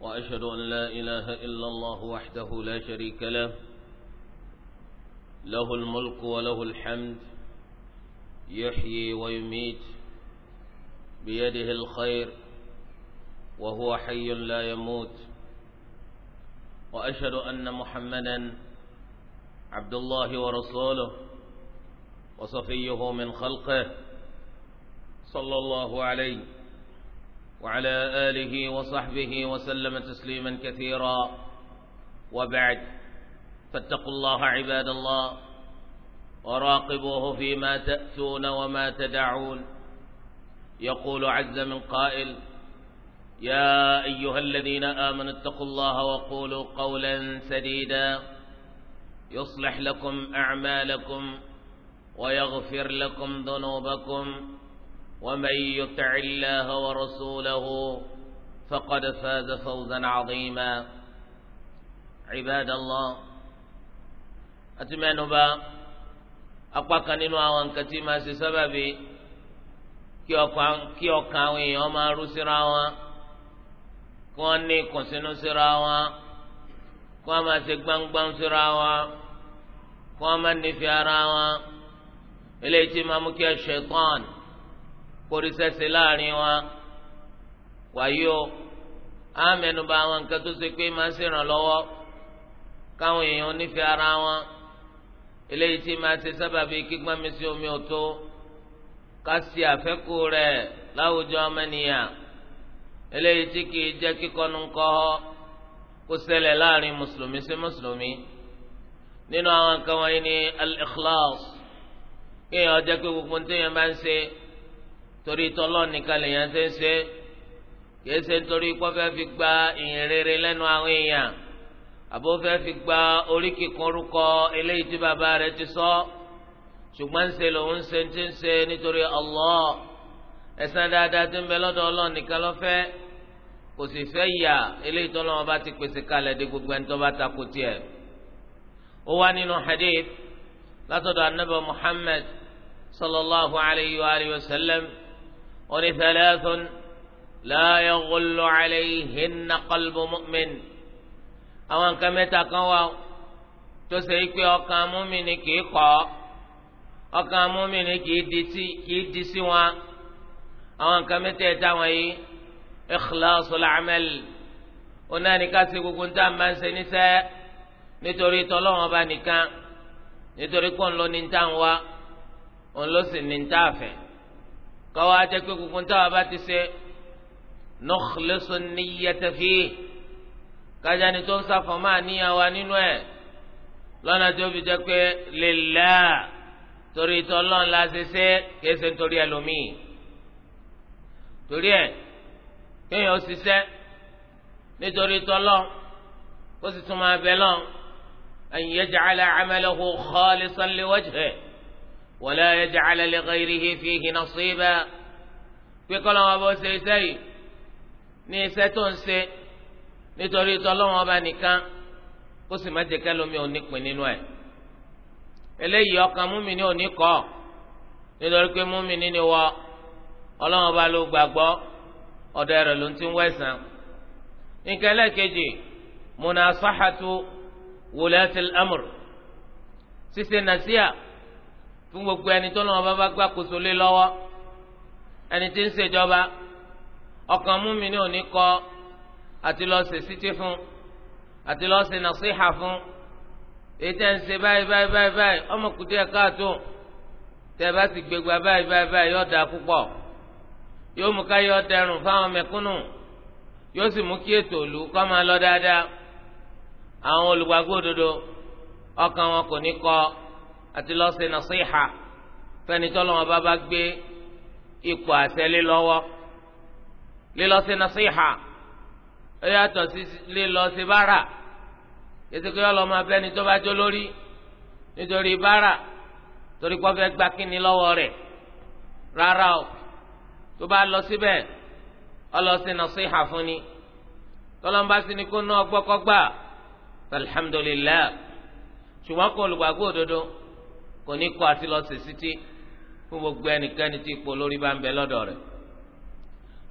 وأشهد أن لا إله إلا الله وحده لا شريك له له الملك وله الحمد يحيي ويميت بيده الخير وهو حي لا يموت وأشهد أن محمدا عبد الله ورسوله وصفيه من خلقه صلى الله عليه وعلى آله وصحبه وسلم تسليما كثيرا وبعد فاتقوا الله عباد الله وراقبوه فيما تأتون وما تدعون يقول عز من قائل يا أيها الذين آمنوا اتقوا الله وقولوا قولا سديدا يصلح لكم أعمالكم ويغفر لكم ذنوبكم ومن يطع الله ورسوله فقد فاز فوزا عظيما عباد الله أتمنى apákan nínú àwọn nǹkan tí máa ṣe sábàbí kí ọkàn àwọn èèyàn máa rú síra wọn kí wọ́n ní ìkùnsínú síra wọn kí wọ́n máa ṣe gbáǹgbáǹ síra wọn kí wọ́n máa nífẹ̀ẹ́ ara wọn eléyìí tí máa mú kí ẹ ṣẹ̀tán kórí sẹ́sẹ̀ láàrin wọn wàyí o á mẹ́nuba àwọn nǹkan tó ṣe pé máa ń ṣèrànlọ́wọ́ káwọn èèyàn nífẹ̀ẹ́ ara wọn eléyìí tí máa ṣe sábàbí kígbọ́n mi sí omi ọ̀tó ká sí àfẹ́kù rẹ̀ láwùjọ ọmọnìyàn eléyìí tí kìí jẹ́ kíkọ́nu ńkọ́ kó ṣẹlẹ̀ láàrin mùsùlùmí sí mùsùlùmí nínú àwọn nǹkan wọ̀nyí ni al-ikhlas kéèyàn jẹ́ pé gbogbo ní téèyàn ń ṣe torí tọ́lọ́ nìkan lèèyàn ṣe ń ṣe kìí ṣe nítorí pé fẹ́ fi gba ìyìn rere lẹ́nu àwọn èèyàn àbó fẹ́ fi gba oríkì kọrúkọ eléyìí tí bàbá rẹ̀ ti sọ ṣùgbọ́n ń ṣe lòun ṣe ti ń ṣe nítorí Allah ẹ̀san dáadáa ti ń bẹ lọ́dọ̀ Ọlọ́run nìkan lọ́fẹ́ kò sì fẹ́ yà eléyìí tọ́lọ́ wọn bá ti pèsè kalẹ̀ dé gbogbo ẹni tó bá takò tiẹ̀ ó wá nínú hadith látọ̀dọ̀ anabi Muhammad sallallahu alayhi wa sallam ó ní thalathun la yaghullu alayhinna qalbu mu'min àwọn nǹkan mẹ́ta kan wà tó ṣe é pé ọkàn múmìnì kì í kọ́ ọkàn múmìnì kì í di sí wọn àwọn nǹkan mẹ́tẹ̀ẹ̀ta wọ̀nyí ikhlasul amal onáni ká ṣe gbogbo nta máa ń ṣe níṣẹ́ nítorí tọ́lọ́wọ́n bá nìkan nítorí pé òun ló ní nta ń wá òun ló sì ní nta fẹ́ kọ́wá jẹ́ pé gbogbo táwa bá ti ṣe nukhlisun niyyata fi kájà ni tó ń sàfọ̀ máa níyàn wa nínú ẹ̀ lọ́nà tó fi jẹ́ pé lillah torí tọ́lọ́n la ṣe ṣe kìí ṣe nítorí ẹlòmíì torí ẹ̀ kéèyàn ó ṣiṣẹ́ nítorí tọ́lọ́n ó sì tún máa bẹ̀ lọ́n an yaj'ala amalahu khalisan liwajhihi wala yaj'ala li ghayrihi fihi nasiba pé kọ́ lọ́wọ́ bó ṣe iṣẹ́ yìí ní iṣẹ́ tó ń ṣe nítorí tọ́lọ́wọ́ ọba nìkan kó sì má jẹ́ kẹ́lómi ò ní pín nínú ẹ̀ eléyìí ọkàn múmini ò ní kọ́ nítorí pé múmini ni wọ ọlọ́wọ́ ọba ló gbàgbọ́ ọ̀dọ̀ ẹ̀rọ ló ń ti ń wẹ̀sán nǹkan ẹlẹ́ẹ̀kejì munasahatu wulatil amr ṣíṣe nàṣíà fún gbogbo ẹni tó lọ́wọ́ bá bá gbà kóso lé lọ́wọ́ ẹni tí ń ṣèjọba ọkàn múmi ní òní kọ àti lọ ṣe sítí fún àti lọ ṣe nàṣíhà fún èyí tẹ́ ń ṣe báyìí báyìí báyìí báyìí ọmọkùtì ẹ̀ka àtò tẹ́ bá sì gbégbá báyìí báyìí báyìí yóò dáa púpọ̀ yóò mú ká yọ dẹrùn fáwọn mẹ̀kúnnù yóò sì mú kí ètò òlu kọ́ máa lọ dáadáa àwọn olùgbàgbọ́ òdodo ọkàn wọn kò ní kọ́ ọ àti lọ ṣe nàṣíhà fẹ́ni tọ́lọ́wọ́n bá bá gbé ipò àṣẹ lílọ́wọ́ lílọ ṣe nàṣíhà ó yàtọ̀ sí lílọ ṣe bára ètò kí ọlọ́mọ abẹ́ni tó bá jó lórí nítorí bára torí kọ́ fẹ́ gba kíni lọ́wọ́ rẹ̀ rárá o tó bá lọ síbẹ̀ ọlọ́sìn nàṣíhà fún ni tọ́lọ́mbà sí ni kó ná ọgbọ́kọ́gbà alhamdulilayi ṣùgbọ́n kó olùgbàgbọ́ òdodo kò ní kọ́ àti lọ sí sítí fún gbogbo ẹnikẹ́ni tí ipò lórí bá ń bẹ lọ́dọ̀ rẹ̀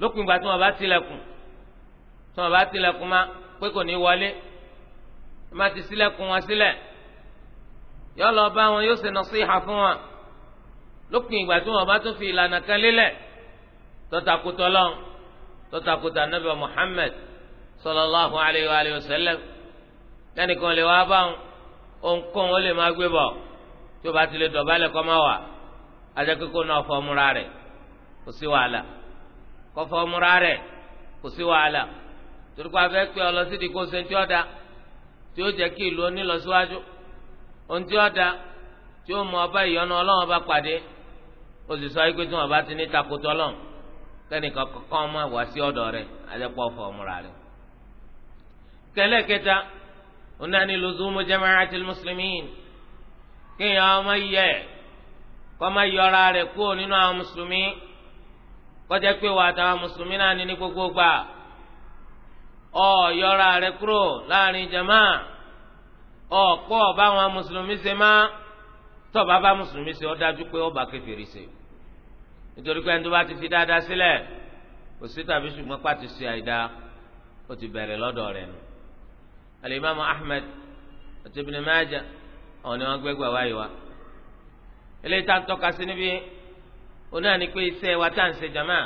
lópin ìgbà tí wọ́n bá tilẹ̀kùn tí wọ́n bá tilẹ̀kùn má pé kò ní wọlé má ti ṣílẹ̀kùn wọn sílẹ̀ yọ lọ bá wọn yóò ṣe nasiha fún wọn lópin ìgbà tí wọ́n bá tún fi ìlànà kan lélẹ̀ tọ́takùtọ̀ lọ́n tọ́takùtọ̀ anabi Muhammad sallallahu alayhi wa sallam lẹ́nìkan lè wá bá wọn ònkóhun ó lè má gbé bọ̀ tí o bá ti lè dọ̀bálẹ̀ kọ́ máa wà ajakoko náà fọmúra rẹ̀ kò sí wàhálà kọ́ fọmúra rẹ̀ kò sí wàhálà torí kó a fẹ́ pé ọlọ́sídìí kó ṣe tí ó da tí ó jẹ́ kí ìlú onílọsíwájú ohun tí ó da tí ó mú ọba ìyọnu ọlọ́wọ́n bá pàdé o sì sọ wípé tí wọn bá ti ní takotọ́ lọ́n kẹ́nìkan kọ́kọ́ ọmọ wá sí ọ̀dọ̀ rẹ̀ ajakọ̀ fọmúra rẹ̀ kẹlẹ́ kẹta onáni lùzùmù jama'atil muslimin. kéèyàn ọmọ yẹ kọ́mọ yọra rẹ̀ kúrò nínú àwọn mùsùlùmí kọjá pé wà àtàwọn mùsùlùmí náà ní ní gbogbo gbà ọ yọra rẹ̀ kúrò láàrin jama ọ ọba àwọn mùsùlùmí ṣe má bá mùsùlùmí ṣe dájú pé ṣe nítorí pé bá ti fi dáadáa kò sí tàbí pàtó àìdá ó ahmed àti ọ̀nà ni wa gbẹ́gbẹ́ wáyé wa eléyìí tá a tọ́ka sí níbí ni pé iṣẹ́ wa tá à ń ṣe jàmá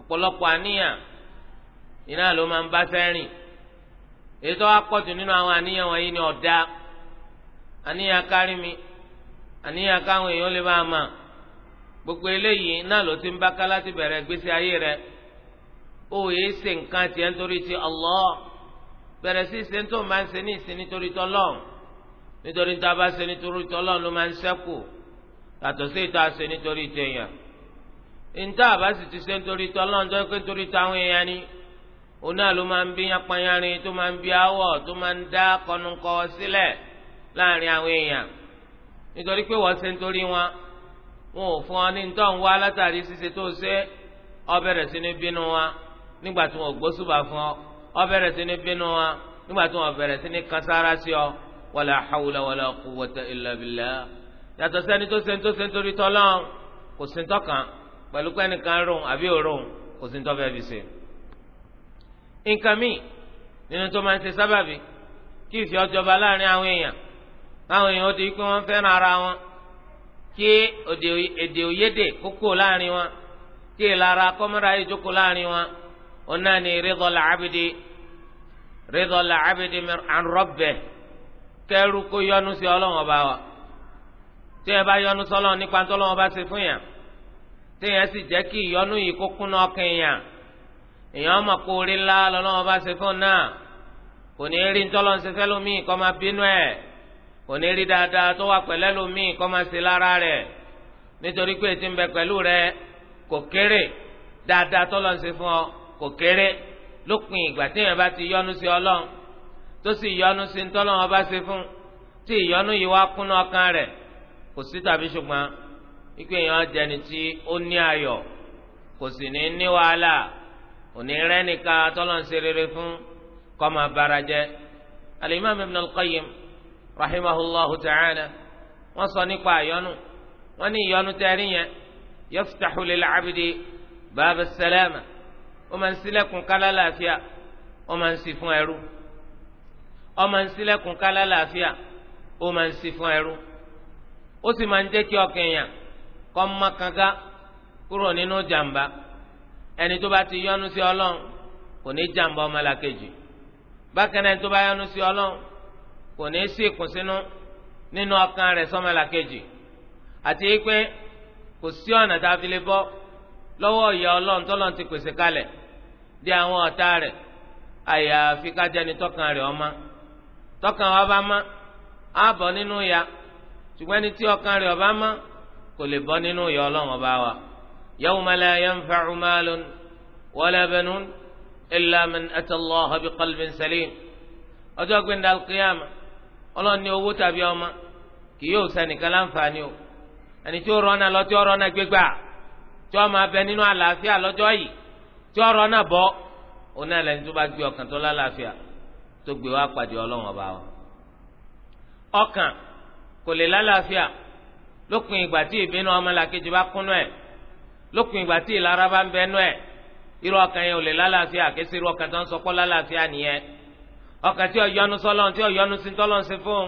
ọ̀pọ̀lọpọ̀ àníyàn iná ló máa ń bá sẹ́rìn èyí tó wá pọ̀jù nínú àwọn àníyàn wọ̀nyí ni ọ̀dà àníyàn kárí mi àníyàn káwọn èèyàn lè máa gbogbo eléyìí náà ló ti ń bá ká láti bẹ̀rẹ̀ gbèsè ayé rẹ̀ ó yẹ ṣe nǹkan tiẹ̀ nítorí ti Allah nítorí tá a bá ṣe nítorí tọ́lọ́run ló máa ń ṣẹ́kù yàtọ̀ sí ìta ṣe nítorí tẹ̀yàn níta àbá sì ti ṣe nítorí tọ́lọ́run tó pé nítorí táwọn èèyàn ni òun náà ló máa ń bí yanpanyanrin tó máa ń bí awọ tó máa ń dá kọnukọ sílẹ̀ láàrin àwọn èèyàn nítorí pé wọ́n ṣe nítorí wọn wọn ò fún ọ ní nítorí wọn wá látàrí ṣíṣe tó ṣe ọ bẹ̀rẹ̀ sí ní bínú wa nígbà tí wọn ò gbósùbà fún ọ ọ bẹ̀rẹ̀ sí ní bínú wa nígbà tí wọn bẹ̀rẹ̀ sí ní kansára sí ọ wala hawla wala quwwata illa billah yàtọ̀ sẹ́ni tó sẹ́ni tó sẹ́ni torí tọ́lọ́n kò sí tọ́kàn pẹ̀lú pẹ́nìkan rún àbí òrún kò sí tọ́fẹ́ fi ṣe. nǹkan míì nínú tó máa ń ṣe sábàbí kí ìfẹ́ ọjọba láàrin àwọn èèyàn káwọn èèyàn ó di pé wọ́n fẹ́ràn ara wọn kí èdè òyédè kókó láàrin wọn kí ìlara kọ́mọ́ra ìjókòó láàrin wọn ọ̀nà ni ridha al-abdi ridha al-abdi kẹrú kó yọnu sí ọlọ́run ọba wa tí ẹ bá yọnu sọlọ́run nípa tọ́lọ́run ọba ṣe fún yàn tí yẹn sì jẹ́ kí ìyọnu yìí kó kúnná ọkàn yàn èèyàn mọ̀ kó orí ńlá lọ́lọ́run ọba ṣe fún náà kò ní rí tọ́lọ́run ṣe fẹ́ lómi kó máa bínú ẹ̀ kò ní rí dáadáa tó wà pẹ̀lẹ́ lómi kó máa ṣe lára rẹ̀ nítorí pé ti ń bẹ pẹ̀lú rẹ̀ kò kéré dáadáa tọ́lọ́run ṣe fún ọ kò kéré lópin ìgbà tí yẹn bá ti yọnu sí ọlọ́run tó sì yọ́nú sí ntọ́lọ́wọ́n bá ṣe fún tí ìyọ́nú yìí wá kúnná ọkàn rẹ̀ kò sí tàbí ṣùgbọ́n ikú èèyàn jẹni tí ó ní ayọ̀ kò sì ní ní wàhálà òní rẹ́nìkan tọ́lọ́ ń ṣe rere fún kọ́ máa alimami ibn al-qayyim rahimahullahu ta'ala wọ́n sọ nípa ìyọ́nú wọ́n ní ìyọ́nú tẹ́rí yẹn yaftahu lil abdi baba salama ó máa ń ṣílẹ̀kùn kálá láàfíà ó máa ń ṣí fún ẹrú ọmọ ń ṣílẹ̀kùn kálá làáfíà ó máa ń ṣí fún ẹrú ó sì máa ń jẹ́ kí ọkàn èèyàn kọ́ mọ́ kanga kúrò nínú jàǹbá ẹni tó bá ti yọ́nú sí ọlọ́run kò ní jàǹbá ọmọlàkejì bákan náà ẹni tó bá yọ́nú sí ọlọ́run kò ní sí ìkùnsínú nínú ọkàn rẹ̀ sọ́mọlàkejì àti pé kò sí ọ̀nà tá a fi lè bọ́ lọ́wọ́ ìyà ọlọ́run tọ́lọ́run ti pèsè kalẹ̀ di àwọn ọ̀tá rẹ̀ àyàfi ká jẹ́ni rẹ̀ ọmọ tọkàn wa bá má á bọ́ nínú ya ṣùgbọ́n ẹni tí ọkàn rẹ̀ ọba má kò lè bọ́ nínú ya ọlọ́run ọba wa. yawma la yanfa'u malun wala banun illa man ata Allaha bi qalbin salim ọjọ́ gbẹ̀ndà alqiyama ọlọ́run ní owó tàbí ọmọ kì yóò ṣẹnìkan láǹfààní o ẹni tí ó rọ́nà lọ tí ó rọ́nà gbégbà tí ó máa nínú àlàáfíà lọ́jọ́ yìí tí ó rọ́nà náà lẹ́ni tó tó gbé wá pàdé ọlọ́run ọba wa ọkàn kò lè lálàáfíà lópin ìgbà tí ìbínú ọmọlàkejì bá kúnú ẹ̀ lópin ìgbà tí ìlara bá ń bẹnu ẹ̀ irú ọkàn yẹn ò lè lálàáfíà kése irú ọkàn tó ń sọpọ́ lálàáfíà nìyẹn ọkàn tí ọ̀yọ́nu sọ́lọ́n tí ọ̀yọ́nu sí tọ́lọ́n sí fún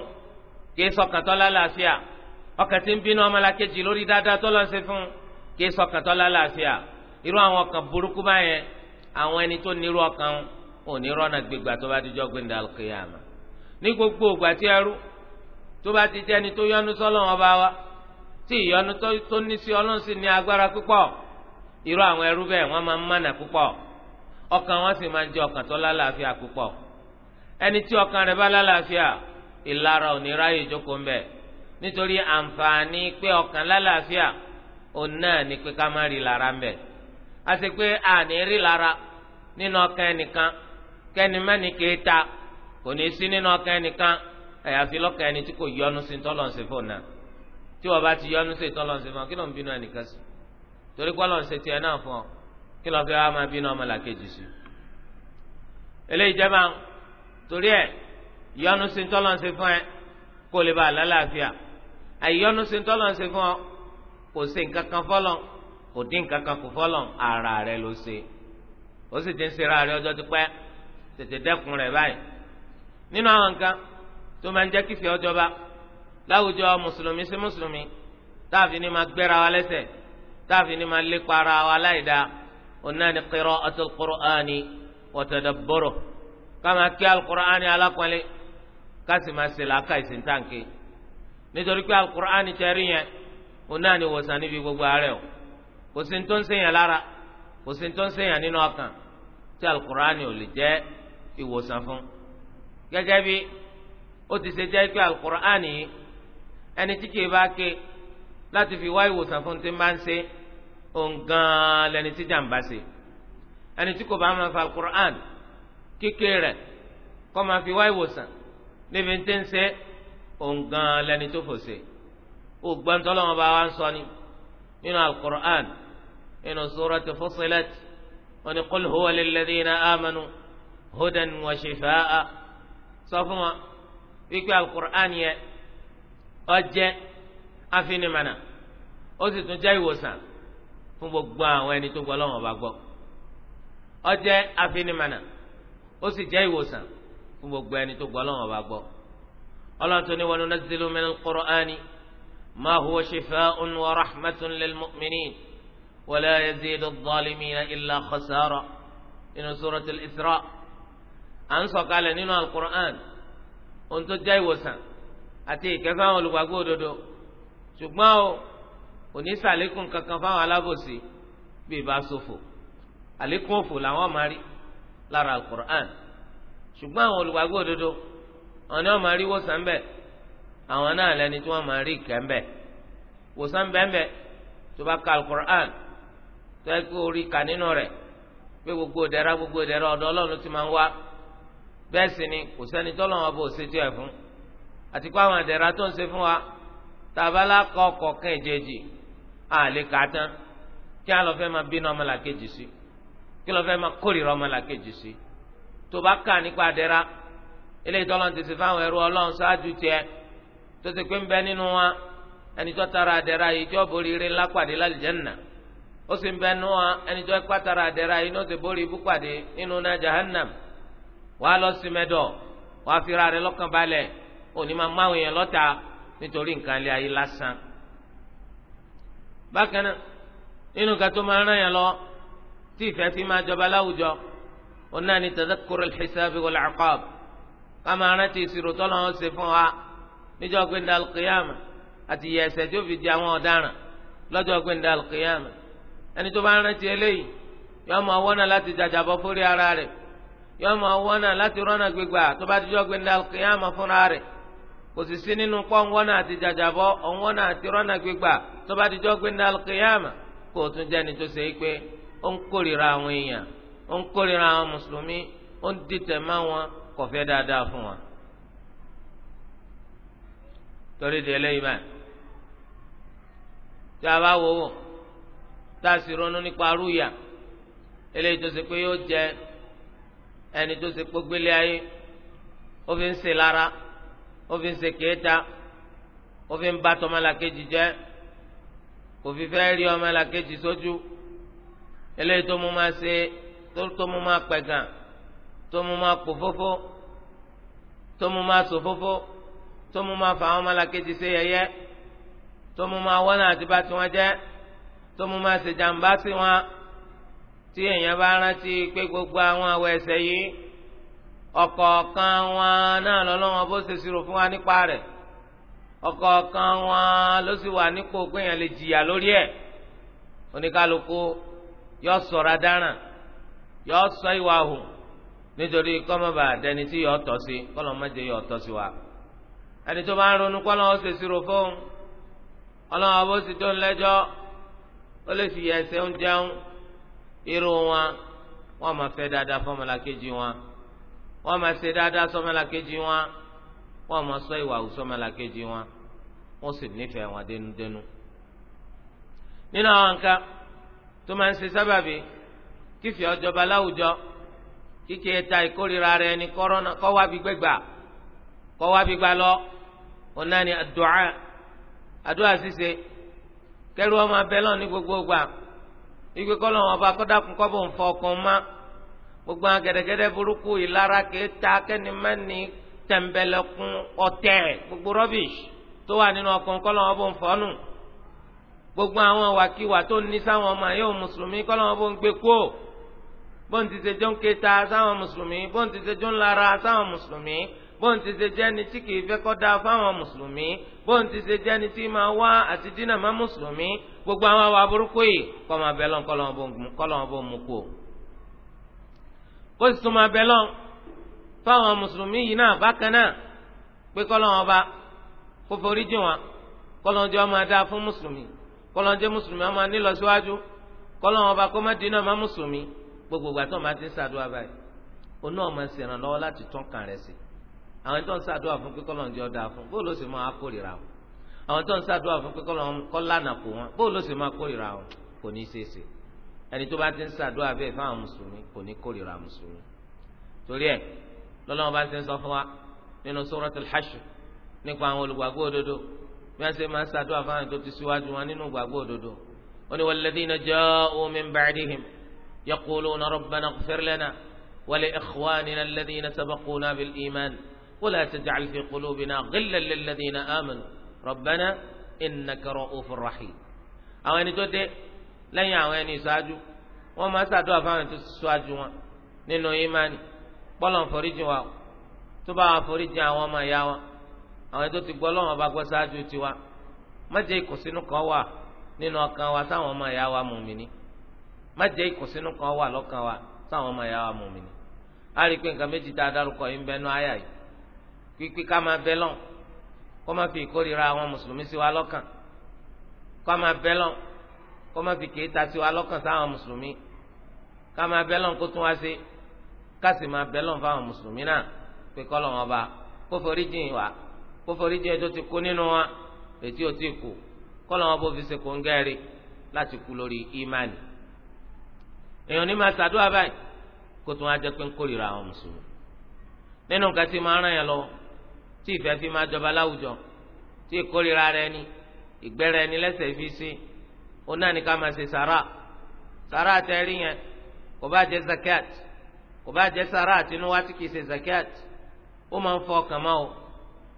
kìí sọkàn tó lálàáfíà ọkàn tí ń bínú ọmọlàkejì lórí dáadáa tọ́lọ́n sí fún kìí sọkàn tó lálàáfíà irú àwọn ọkàn burúkú báyẹn àwọn ẹni tó nírú ọkàn òní rọ́nà gbégbá tó bá ti jọ́ gbé ndàlù kìyàmà ní gbogbo ìgbà tí ẹrú tó bá ti jẹ́ni tó yọ́nú sọ́lọ́run ọba wa tí ìyọ́nú tó ní sí ọlọ́run sì ní agbára púpọ̀ irú àwọn ẹrú bẹ́ẹ̀ wọ́n máa ń mànà púpọ̀ ọkàn wọn sì máa ń jẹ́ ọkàn tó lálàáfíà púpọ̀ ẹni tí ọkàn rẹ̀ bá lálàáfíà ìlara ò ní ráyè jókòó ńbẹ̀ nítorí àǹfààní pé ọkàn lálàáfíà òun náà ni pé ká má rí lára ńbẹ̀ kẹ́ni mẹ́ni kéta kò ní sí nínú ọkàn ẹnìkan àyàfi lọ́kàn ẹni tí kò yọnu sí tọ́lọ̀ ń ṣe fún náà tí wọ́n bá ti yọnu sí tọ́lọ̀ ń ṣe fún ọ kí ló ń bínú ẹnìkan sí torí pé ọlọ́run ṣe tiẹ̀ náà fún ọ kí lọ́ọ́ fẹ́ wá máa bínú ọmọ làkejì sí. eléyìí jẹ́ máa torí ẹ̀ yọnu sí tọ́lọ̀ ń ṣe fún ẹ kó lè bá a lálàáfíà àyọnu sí tọ́lọ̀ ń ṣe fún ọ kò ṣe nǹkan kan kò dín nǹkan kan kù ara rẹ ló ṣe ó sì ti ń ṣera tètè dẹ́kun rẹ̀ báyìí nínú àwọn nǹkan tó máa ń jẹ́ kífì ọjọba láwùjọ mùsùlùmí sí mùsùlùmí táàfin ni máa gbéra wa lẹ́sẹ̀ táàfin ni máa lépa ara wa láì dáa ọ̀nà ni qira'atul Qur'ani wa tadabburuh ká máa kí al-Qur'ani alákọ̀ọ́lẹ̀ ká sì máa ṣe làákà ìsìn táǹkì nítorí pé al-Qur'ani tẹ́rí yẹn ọ̀nà ni níbi gbogbo ààrẹ o kò sí ní tó ń ṣèyàn lára kò sí ní tó ń ṣèyàn nínú ọkàn tí al ò lè jẹ́ ìwòsàn fún gẹ́gẹ́ bí ó ti ṣe jẹ́ pé alukur'an yìí ẹni tí kìí bá ké láti fi wá ìwòsàn fún ti máa ń ṣe òun gan-an lẹni tí jàǹbá ṣe ẹni tí kò bá máa fa alukur'an kíké rẹ̀ kọ́ máa fi wá ìwòsàn níbi tí ń ṣe òun lẹni tó fò ṣe ògbọ́ntọ́lọ́wọ́n bá wa ń sọ ni nínú alukur'an nínú sóràtì Fussilat wọn ni qul huwa lil ladina amanu hudan wa shifaa sọ fún wa wípé alukur'an yẹ ó jẹ́ afinimana ó sì tún jẹ́ ìwòsàn fún gbogbo àwọn ẹni tó gbọ́ lọ́wọ́ bá gbọ́ ó jẹ́ afinimana ó sì jẹ́ ìwòsàn fún gbogbo ẹni tó gbọ́ lọ́wọ́ bá gbọ́ ọlọ́run tó ní wa nunazzilu min al-Qur'ani ma huwa shifaa'un wa rahmatun lil mu'minin wa la yazidu dhalimina illa khasara inú suratul Isra' à ń sọ̀kalẹ̀ nínú alukur'an ohun tó jẹ́ ìwòsàn àti ìkẹ́ fáwọn olùgbàgbọ́ òdodo ṣùgbọ́n o kò ní sàlékún kankan fáwọn alábòsí bí ìbá ṣòfò àlékún òfò làwọn máa rí lára alukur'an ṣùgbọ́n àwọn olùgbàgbọ́ òdodo àwọn ni wọ́n máa rí wòsàn bẹ́ẹ̀ àwọn náà lẹni tí wọ́n máa rí ìkẹ́ bẹ́ẹ̀ wòsàn bẹ́ẹ̀ bẹ́ẹ̀ tó bá ka alukur'an tó yẹ kó rí ka nínú rẹ̀ pé gbogbo ìdẹ̀ra gbogbo ìdẹ̀ra ọ̀dọ̀ Ọlọ́run ti máa ń wá bẹ́ẹ̀ sì ni kò sẹ́ni tọ́lọ́ wọn bò ó ṣètò ẹ̀ fún àti pé àwọn àdẹ̀rà tó ń ṣe fún wa tàbálà kọ ọkọ̀ kẹ́ẹ̀jẹ̀jì à lè kà á tán kí á lọ fẹ́ máa bínú ọmọlàkejì sí kí lọ fẹ́ máa kórìíra ọmọlàkejì sí tó bá kà nípa àdẹ̀rà eléyìí tọ́lọ́ ti ṣe fáwọn ẹrú ọlọ́run ṣáájú tiẹ̀ tó ti pé ń bẹ nínú wa ẹni tó tara àdẹ̀rà yìí tó borí ire ńlá pàdé ó sì ń bẹ nínú wa ẹni tó pàtàrà àdẹ̀rà yìí ní ti borí ibú nínú náà jahannam wàá lọ sí mẹ́dọ̀ wàá fira rẹ lọ́kàn balẹ̀ òní máa má àwọn èèyàn lọ́ta nítorí nǹkan ilé ayé lásán. bákan náà nínú nǹkan tó máa ràn yàn lọ tí ìfẹ́ fi máa jọba láwùjọ òun náà ni tadhakkur al-hisab wal-iqab ká máa rántí ìṣirò tọ́lọ́ wọn ṣe fún wa níjọ́ gbẹ̀ndà al àti ìyà ẹ̀ṣẹ̀ tó fi di àwọn ọ̀daràn lọ́jọ́ gbẹ̀ndà al ẹni tó bá rántí eléyìí yọ yọ máa wọnà láti rọnà gbégbà tó bá dijọ́ gbẹndé alùkìyàmà fúnra rẹ̀ kò sì sí nínú pọ́ ńwọ́nà àti jàjàbọ́ ọ̀nwọ́nà àti rọnà gbégbà tó bá o tún jẹ́ni tó ṣe é pé ó ń àwọn èèyàn ó ń àwọn mùsùlùmí ó ń dìtẹ̀ má wọn kò fẹ́ dáadáa a bá wò ẹni tó ṣe gbógbélé ayé ó fi ń ṣe lára ó fi ń ṣe kéèta ó fi ń bá tọmọlàkejì jẹ kò fi fẹ́ rí ọmọlàkejì sójú eléyìí tó mú máa ṣe tó mú máa pẹ̀gàn tó mú máa pò fófó tó mú máa sò fófó tó mú máa fà ọmọlàkejì ṣe yẹ̀yẹ́ tó mú máa wọ́nà àti bá tiwọn jẹ́ tó mú máa ṣe jàǹbá sí wọn tí èèyàn bá rántí pé gbogbo àwọn àwọ̀ ẹ̀ṣẹ̀ yìí ọ̀kọ̀ọ̀kan wọn náà lọ́lọ́wọ́n bó ṣe ṣírò fún wa nípa rẹ̀ ọ̀kọ̀ọ̀kan wọn ló sì wà nípò pé èèyàn lè jìyà lórí ẹ̀ oníkálukú yóò sọ̀ra dáràn yóò sọ ìwà hù nítorí kọ́mọ̀bà dẹni tí yóò tọ́ sí kọ́lọ́ mọ́jẹ yóò tọ́ sí wa ẹni tó bá ń ronú kọ́lọ́ ó ṣe ṣírò fóun ọlọ́wọ́n bó ṣe tó ń lẹ́jọ́ ó lè fi ẹ̀ṣẹ̀ ń jẹun irú wọn wọn máa fẹ́ dáadáa fọmọlàkejì wọn wọn máa ṣe dáadáa sọmọlàkejì wọn wọn máa sọ ìwà àwùjọ sọmọlàkejì wọn wọn sì nífẹ̀ẹ́ wọn dénúdénú. nínú àwọn nǹkan tó máa ń ṣe sábàbí kífìẹ́ ọjọba láwùjọ kíkẹ́ ta ìkórira rẹ ní kọ́rọ́nà kọ́wá bí gbẹ́gbà kọ́wá bí gbà lọ ọ̀nà ni àdúà àdúà ṣíṣe kẹ́rù ọmọ abẹ́lọ́ ní gbogbo gbà ìgbé kọ́lọ́ wọn bá kọ́dákun kọ́bọ̀ ń fọ ọkàn má gbogbo àwọn gẹ́dẹ́gẹ́dẹ́ burúkú ìlara kéta kẹ́nìmẹ́ni tẹ̀m̀bẹ̀lẹ̀kùn ọ̀tẹ̀ gbogbo rubbish tó wà nínú ọkàn kọ́lọ́ wọn bó ń fọ́ nù gbogbo àwọn wàkíwà tó ní sáwọn ọmọ yóò mùsùlùmí kọ́lọ́ wọn bó kú ò bó ti ṣe ń kéta sáwọn mùsùlùmí bó ti ṣe ń lara sáwọn mùsùlùmí bóun ti ṣe jẹ́ni tí kìí fẹ́ kọ́ dáa fáwọn mùsùlùmí bóun ti ṣe jẹ́ni tí máa wá àti dínà má mùsùlùmí gbogbo àwọn àwa burúkú yìí kọ́ máa bẹ lọ́n kọ́lọ́n bó mú kú o. kó sì tún máa bẹ lọ́n fáwọn mùsùlùmí yìí náà bákan náà pé kọ́lọ́n ọba kó forí jì wọn kọ́lọ́n jẹ́ ọmọ dáa fún mùsùlùmí kọ́lọ́n jẹ́ mùsùlùmí ọmọ nílọsíwájú kọ́lọ́n ọba kó má dínà má mùsùlùmí àwọn tó ń ṣàdúrà fún pé kọ́lọ́n jọ dáa fún bó ló sì máa kórìíra wọn àwọn tó ń ṣàdúrà fún pé kọ́lọ́n kọ́ lànà kó wọn bó ló sì máa kórìíra wọn kò ní í ṣe é ṣe ẹni tó bá ti ń ṣàdúrà bẹ́ẹ̀ fáwọn mùsùlùmí kò ní kórìíra mùsùlùmí torí ẹ lọ́lọ́wọ́n bá ti ń sọ fún wa nínú suratul hashr nípa àwọn olùgbàgbọ́ òdodo bí wọ́n ṣe máa ń ṣàdúrà fáwọn tó ti síwájú wọn nínú ولا تجعل في قلوبنا غلا للذين آمنوا ربنا إنك رؤوف رحيم àwọn ẹni tó dé lẹ́yìn àwọn ẹni ìṣáájú wọ́n máa ṣàdúrà fáwọn tó ṣáájú wọn nínú ìmánì pọ́lọ̀ foríjì wa tó bá wa foríjì àwọn ọmọ ìyá wa àwọn tó ti gbọ́ lọ́wọ́ bá gbọ́ ṣáájú tiwa má jẹ́ ìkùnsínú kan wà nínú ọkàn wa táwọn ọmọ ìyá wa mùmínì má jẹ́ ìkùnsínú kan wà lọ́kàn wa táwọn ọmọ ìyá wa mùmínì. a rí i pé nǹkan méjì tá a dárúkọ yìí ń bẹ́nu àyà yìí pípé ká máa bẹ lọ́n kó má fi ìkórìíra àwọn mùsùlùmí sí wa lọ́kàn ká máa bẹ lọ́n kó má fi kéèta sí wa lọ́kàn sáwọn mùsùlùmí ká máa bẹ lọ́n kó tún wá sí ká sì máa bẹ lọ́n fáwọn mùsùlùmí náà pé kọ́lọ̀ wọn bá kó forí jìn wá kó forí jìn tó ti kú nínú wa ètí ò tí kù kọ́lọ̀ wọn bó fi ṣe kó ń gẹ́rì láti kú lórí ìmánì èèyàn ní máa ṣàdúrà báyìí kó tún wá jẹ́ pé ń kórìíra àwọn mùsùlùmí nínú nǹkan tí máa ràn yẹn lọ́wọ́ tí ìfẹ́ fi máa jọba láwùjọ tí ìkórira rẹ ni ìgbẹ́rẹ́ ẹni lẹ́sẹ̀ fi sí òun náà ní ká máa ṣe sàrà sàrà àtẹrí yẹn kò bá jẹ zakat kò bá jẹ sàrà àtinúwá tí kìí ṣe zakat ó máa ń fọ ọkàn mọ́ o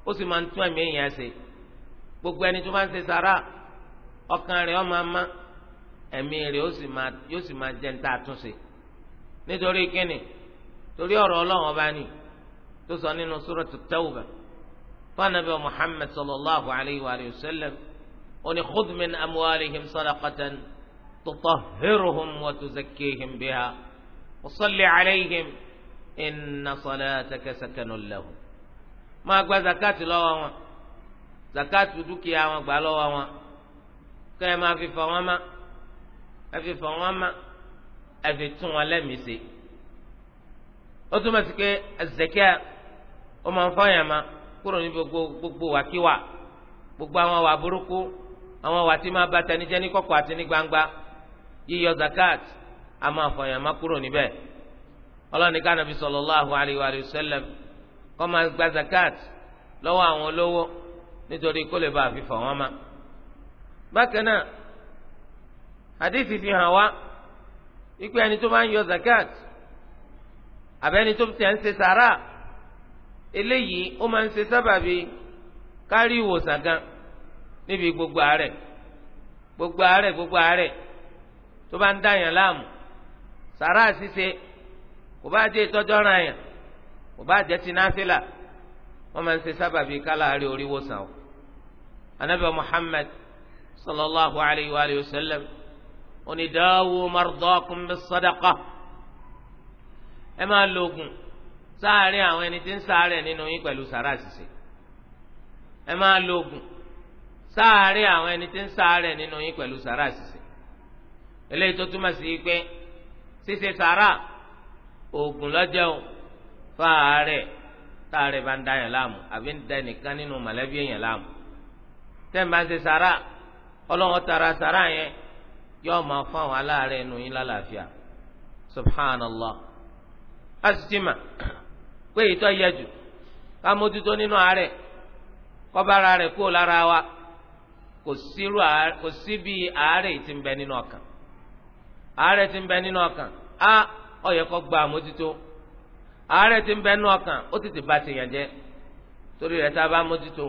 ó sì máa ń tún ẹ̀mí èèyàn ṣe gbogbo ẹni tó máa ń ṣe sàrà ọkàn rẹ̀ ó máa má ẹ̀mí rẹ̀ yóò sì máa jẹ́ níta àtúnṣe nítorí kíni torí ọ̀rọ̀ ọlọ́run ọba ni tó sọ nínú Suratu Tawbah fanabi muhammed sallallahu alayhi wa sallam oni khudh min amwalihim sadaqatan tutahhiruhum wa tuzakkihim biha wa salli alayhim inna salataka sakanun lahum máa gba zakati lọ́wọ́ wọn zakati dúkìá wọn gbà lọ́wọ́ wọn kẹ́ ẹ máa fi fọ̀ wọ́n má ẹ fi fọ̀ wọ́n má ẹ fi tún wọn lẹ́mìí ṣe ó túmọ̀ sí pé zakẹ́ ọ máa ń fọyàn máa kúrò níbi gbogbo wàkíwà gbogbo àwọn wà burúkú àwọn wà tí máa bà tẹni jẹ́ ní kọ̀kọ̀ àti ní gbangba yíyọ zakat a máa fọyàn má kúrò níbẹ̀ ọlọ́ni ká nàbí sallallahu alayhi wa sallam kọ́ máa gba zakat lọ́wọ́ àwọn olówó nítorí kó lè bá a fi fọ̀ wọ́n ma. bákan náà àdìsí fi hàn wá wípé ẹni tó máa ń yọ zakat àbẹ́ni tó tẹ̀ ń ṣe sàrà eléyìí ó máa ń ṣe sábàbí kárí ìwòsàn gan níbi gbogbo àárẹ̀ gbogbo àárẹ̀ gbogbo àárẹ̀ tó bá ń dàyàn láàmú sàrà àṣìṣe kò bá jẹ́ ìtọ́jú ọ̀ràn yàn kò bá jẹ́ ti násìlà wọ́n máa ń ṣe sábàbí káláàrí orí wòsàn o anabi muhammad sallallahu alayhi wa sallam onídàáwó mardakum bis ẹ máa lo oògùn. sáàárín àwọn ẹni tí ń ṣàárẹ̀ nínú yín pẹ̀lú sàrà àṣìṣe ẹ máa lo oògùn sáàárín àwọn ẹni tí ń ṣàárẹ̀ nínú yín pẹ̀lú sàrà àṣìṣe eléyìí tó túmọ̀ sí pé ṣíṣe sàrà oògùn lọ́jọ́ o táàrẹ̀ bá ń da yàn láàmú àbí ń da nìkan nínú mọ̀lẹ́bí èèyàn láàmú ń ṣe sàrà tara sàrà yẹn yóò máa fún àwọn yín lálàáfíà subhanallah asitima pé ìtọ́ yẹ jù ká mójútó nínú àárẹ̀ kọ́bára rẹ̀ kúrò lára wa kò sí bí àárẹ̀ ti ń bẹ nínú ọkàn àárẹ̀ ti ń bẹ nínú ọkàn á ó yẹ gba àárẹ̀ ti ń bẹ nínú ọkàn ó tètè bá ti yàn torí rẹ̀ tá a bá mójútó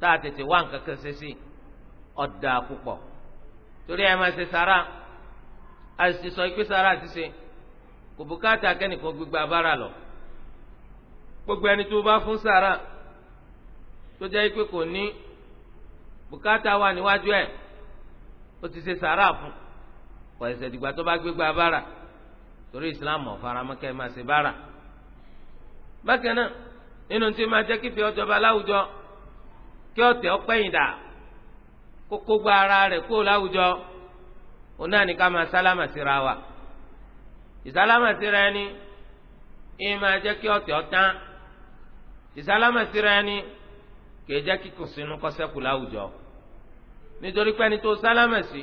tá a tètè wá nǹkan kan ṣe sí ọ̀dà púpọ̀ torí ẹ̀ máa ṣe lọ. gbogbo ẹni tó bá fún sàrà tó jẹ́ pé kò ní bùkátà wà níwájú ẹ̀ ó ti ṣe sàrà fún kò ẹsẹ̀ dìgbà tó bá gbégbá bára torí islam ọ̀faramọ́kẹ́ máa ṣe bára. bákan náà nínú tí máa jẹ́ kífẹ́ ọjọba láwùjọ kí ọ̀tẹ̀ ọpẹ́yìn dà kó gba ara rẹ̀ kó láwùjọ òun náà ní ká máa sálámà síra wa ìsálámà síra ẹni ìmáa jẹ́ kí ọ̀tẹ̀ ọ̀tán. ìsálámà síra ẹni kìí jẹ́ kí kùsùnú kó ṣẹ́kù láwùjọ nítorí pé ẹni tó sálámà sí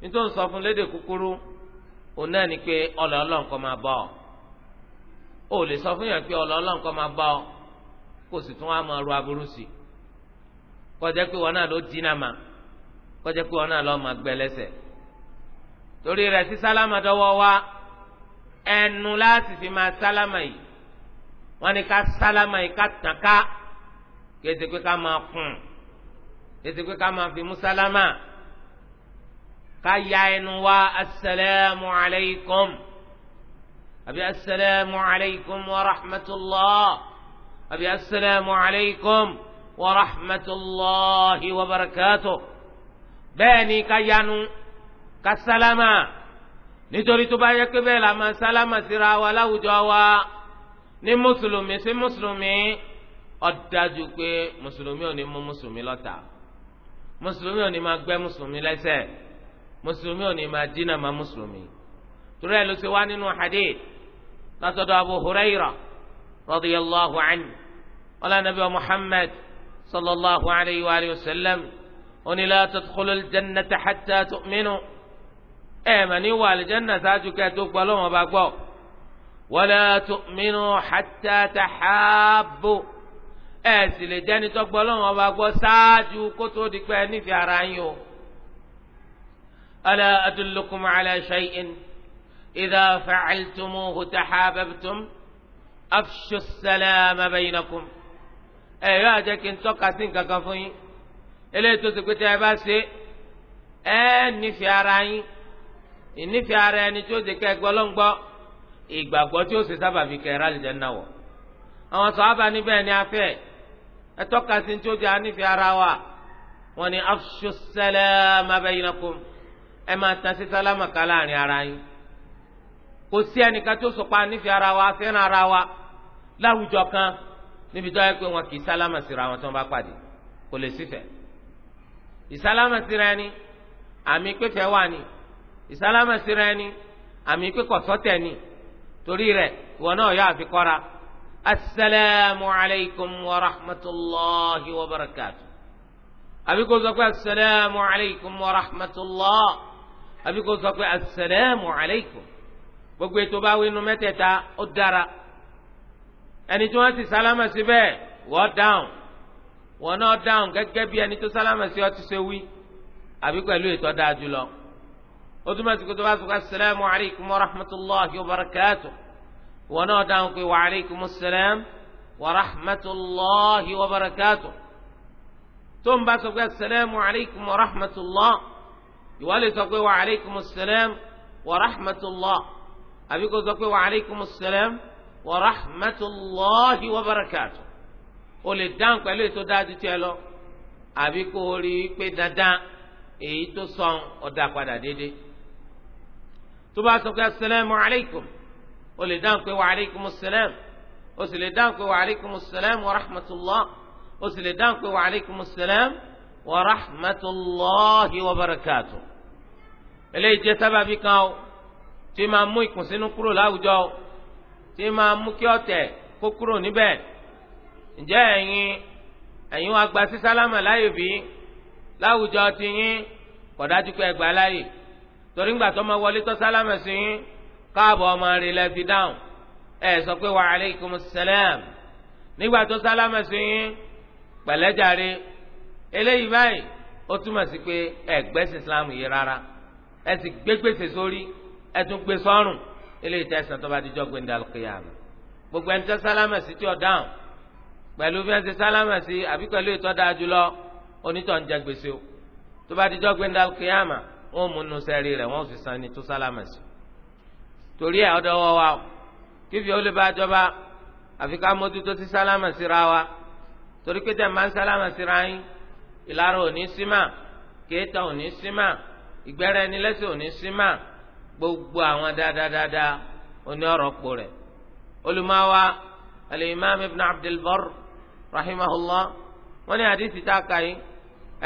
ní tó ń sọ fún lédè kúkúrú òun náà ni pé ọlọ́ọ̀lọ́n kọ́ máa bọ̀ ọ́ ò lè sọ fún yàn pé ọlọ́ọ̀lọ́n kọ́ máa bọ̀ ọ́ kó sì tún wá máa ru aburú sí kó pé wọn náà ló dínà mà kó pé wọn náà lọ́ọ́ máa gbẹ lẹ́sẹ̀ torí rẹ̀ sí sálámà dọ́wọ́ wa ẹnu láti fi máa sálámà yìí wọ́n ní ká sálámà yìí ká tàn ká kéde pé ká máa kùn kéde pé ká máa fi mú sálámà ká ya ẹnu wá asalaamu alaykum àbí asalaamu alaykum wa rahmatulah àbí asalaamu alaykum wa rahmatulahi wa barakatuh bẹ́ẹ̀ ni ká yanu ká sálámà nítorí tó bá yẹ pé la máa sálámà síra wa láwùjọ wa ní mùsùlùmí sí mùsùlùmí ó dájú pé mùsùlùmí ò ní mú mùsùlùmí lọ́tà mùsùlùmí ò ní máa gbẹ́ mùsùlùmí lẹ́sẹ̀ mùsùlùmí ò ní máa dínà máa mùsùlùmí. torí ẹ̀ ló ti wá nínú hadith látọ̀dọ̀ abu huraira radiyallahu anhu wala nabi muhammad sallallahu alayhi wa alihi wa sallam oní la tadkhulul jannata hatta tu'minu ẹ̀ẹ̀mà ní wàlìjẹ́nà sáájú kẹ́ẹ̀ tó gbọ́ lọ́wọ́ bá gbọ́. ولا تؤمنوا حتى تحابوا. ẹ sì lè jẹ́ni tó gbọ́ lọ́wọ́ ọba gbọ́ ṣáájú kó tó di pé ẹ nífẹ̀ẹ́ ara yín o. ala adullukum ala shay'in idha fa'altumuhu tahabbtum afshu as-salama baynakum. ẹ yóò àjẹ́ kí n tọ́ka sí nǹkan fún yín eléyìí tó ti pété ẹ bá ṣe ẹ nífẹ̀ẹ́ ara yín ìnífẹ̀ẹ́ ara ẹni tó di ká ẹ ìgbàgbọ́ tí ó ṣe sábàbí kẹrẹ àlìjẹ náà wọ̀ àwọn sọ̀hábà níbẹ̀ ni a fẹ́ ẹ tọ́ka sí tí ó jẹ́ anífẹ́ ara wa wọn ni afṣu sẹlẹ́mà bainakum ẹ máa tán sí sálámà ká láàrin ara yín kò sí ẹnìkan tí ó sọ pé anífẹ́ ara wa fẹ́ràn ara wa láwùjọ kan níbi tó yẹ pé wọn kì í sálámà síra wọn tí wọn bá pàdé kò lè sífẹ̀ ìsálámà síra ẹni àmì pé fẹ́ wà ní ìsálámà síra ẹni àmì pé kọ̀sọ́tẹ̀ ni torí rẹ̀ ìwọ náà yọ àfikọ́ra asalaamu alaykum wa rahmatulahi wa barakatu àbí kò sọ pé asalaamu alaykum wa rahmatulah àbí kò sọ pé asalaamu alaykum gbogbo ètò bá wínú mẹ́tẹ̀ẹ̀ta ó dára ẹni tí wọ́n ti sálámà sí bẹ́ẹ̀ wọ́n dáhùn wọ́n náà dáhùn gẹ́gẹ́ bí ẹni tó sálámà sí ọ ti ṣe wí àbí pẹ̀lú ètò dáa jùlọ ó túmọ̀ sí kótó bá sọ asalaamu alaykum wa rahmatulahi wa barakatu wọn náà dáhùn pé wa alaykum salaam wa rahmatulahi wa barakatu tó ń bá sọ pé asalaamu alaykum wa rahmatulah ìwà lè sọ pé wa alaykum salaam wa rahmatulah àbí kó sọ pé wa alaykum salaam wa rahmatulahi wa barakatu o lè dáhùn pẹ̀lú ètò dáadé tiẹ̀ lọ àbí kó o rí i pé dandan èyí tó sọ ọ̀dà padà déédéé tó bá sọ pé asalaamu alaykum o lè dáhùn pé wa alaykum salaam o sì lè dáhùn pé wa alaykum salaam wa rahmatulah o sì lè dáhùn pé wa alaykum salaam wa rahmatulahi wa barakatu. eléyìí jẹ́ sábàbí kan o tí máa mú ìkùnsínú kúrò láwùjọ o tí máa mú kí ọ̀tẹ̀ kó kúrò níbẹ̀ ǹjẹ́ ẹ̀yin ẹ̀yin wa gba sí sálámà bí láwùjọ ti yín kọ̀dájú pé ẹ gbà láàyè torí ńgbà tó ma wọlé tó sálámà sí yín káàbọ̀ ọmọ rẹ̀ lẹ́ fi dáhùn ẹ sọ pé wa aleykum salam nígbà tó sálámà sí yín pẹ̀lẹ́jàre eléyìí báyìí ó túmọ̀ sí pé ẹ gbẹ́sì islam yìí rárá ẹ sì gbé gbèsè sórí ẹ tún gbé sọ́rùn eléyìí tẹ̀sán tó bá dijọ́ gbé ndàlù kéyàmù gbogbo ẹni tó sálámà sí tí ó dáhùn pẹ̀lú bí wọ́n ti sálámà sí àbí pẹ̀lú ìtọ́da jùlọ onítọ̀ ń jẹ gbèsè o tó bá dijọ́ gbé ndàlù kéyàmù wọn mú inú sẹ́rí rẹ̀ wọn sì san ni tó sálámà sí torí ẹ̀ ọ̀dọ́wọ́ wa kífi ó lè bá jọba àfi ká mójútó sí sálámà síra wa torí pé tẹ̀m̀bá ń sálámà síra yín ìlara òní símà kéétà òní símà ìgbẹ́rẹ́ ẹni lẹ́sẹ̀ òní símà gbogbo àwọn dáadáa oní ọ̀rọ̀ pò rẹ̀ olùmọ̀wá alimami ibn abdulbar rahimahullah wọn ní àdìsí tá a kà yín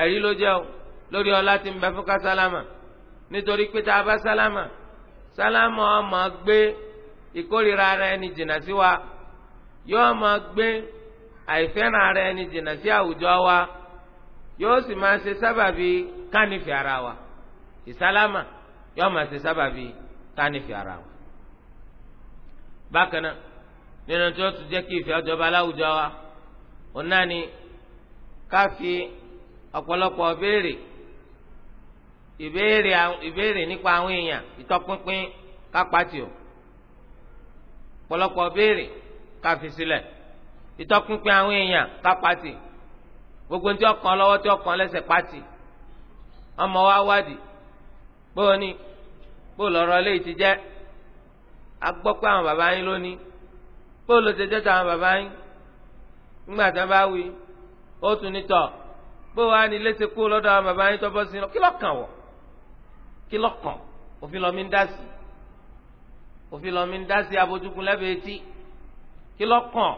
ẹ̀rí ló jẹ́ o lórí ọlá tí ń bẹ fún kásálámà nítorí pé tá a bá sálámà sálámà ó máa gbé ìkórìíra ara ẹni jìnnà sí wa yóò máa gbé àìfẹ́ràn ara ẹni jìnnà sí àwùjọ wa yóò sì máa ṣe sábàbí kánífẹ̀ ara wa ìsálámà yóò máa ṣe sábàbí kánífẹ̀ ara wa. bákan náà nínú tí wọ́n tún jẹ́ kí ìfẹ́ ọjọba láwùjọ wa òun náà ni ká fi ọ̀pọ̀lọpọ̀ béèrè ìbéèrè ìbéèrè nípa àwọn èèyàn ìtọpinpin kápátì o pọ̀lọpọ̀ béèrè káfi sílẹ̀ ìtọpinpin àwọn èèyàn kápátì gbogbo tí ọkàn lọ́wọ́ tí ọkàn lẹ́sẹ̀ pátì ọmọ wa wádìí bóò ni bóò lọ́rọ̀ lè ti jẹ́ agbọ́ pé àwọn bàbá yín lónìí bóò ló ti jẹ́ tó àwọn bàbá yín nígbà tí wọ́n bá wí ó tún ní tọ̀ bóò wá ní léṣe kú lọ́dọ̀ àwọn bàbá yín tó bọ́ sí i kí lọ́kàn wọ̀ kí lọ́kàn òfin lọ́mí ń dá sí òfin lọ́mí ń dá sí abojúkun lẹ́bẹ̀ẹ́ etí kí lọ́kàn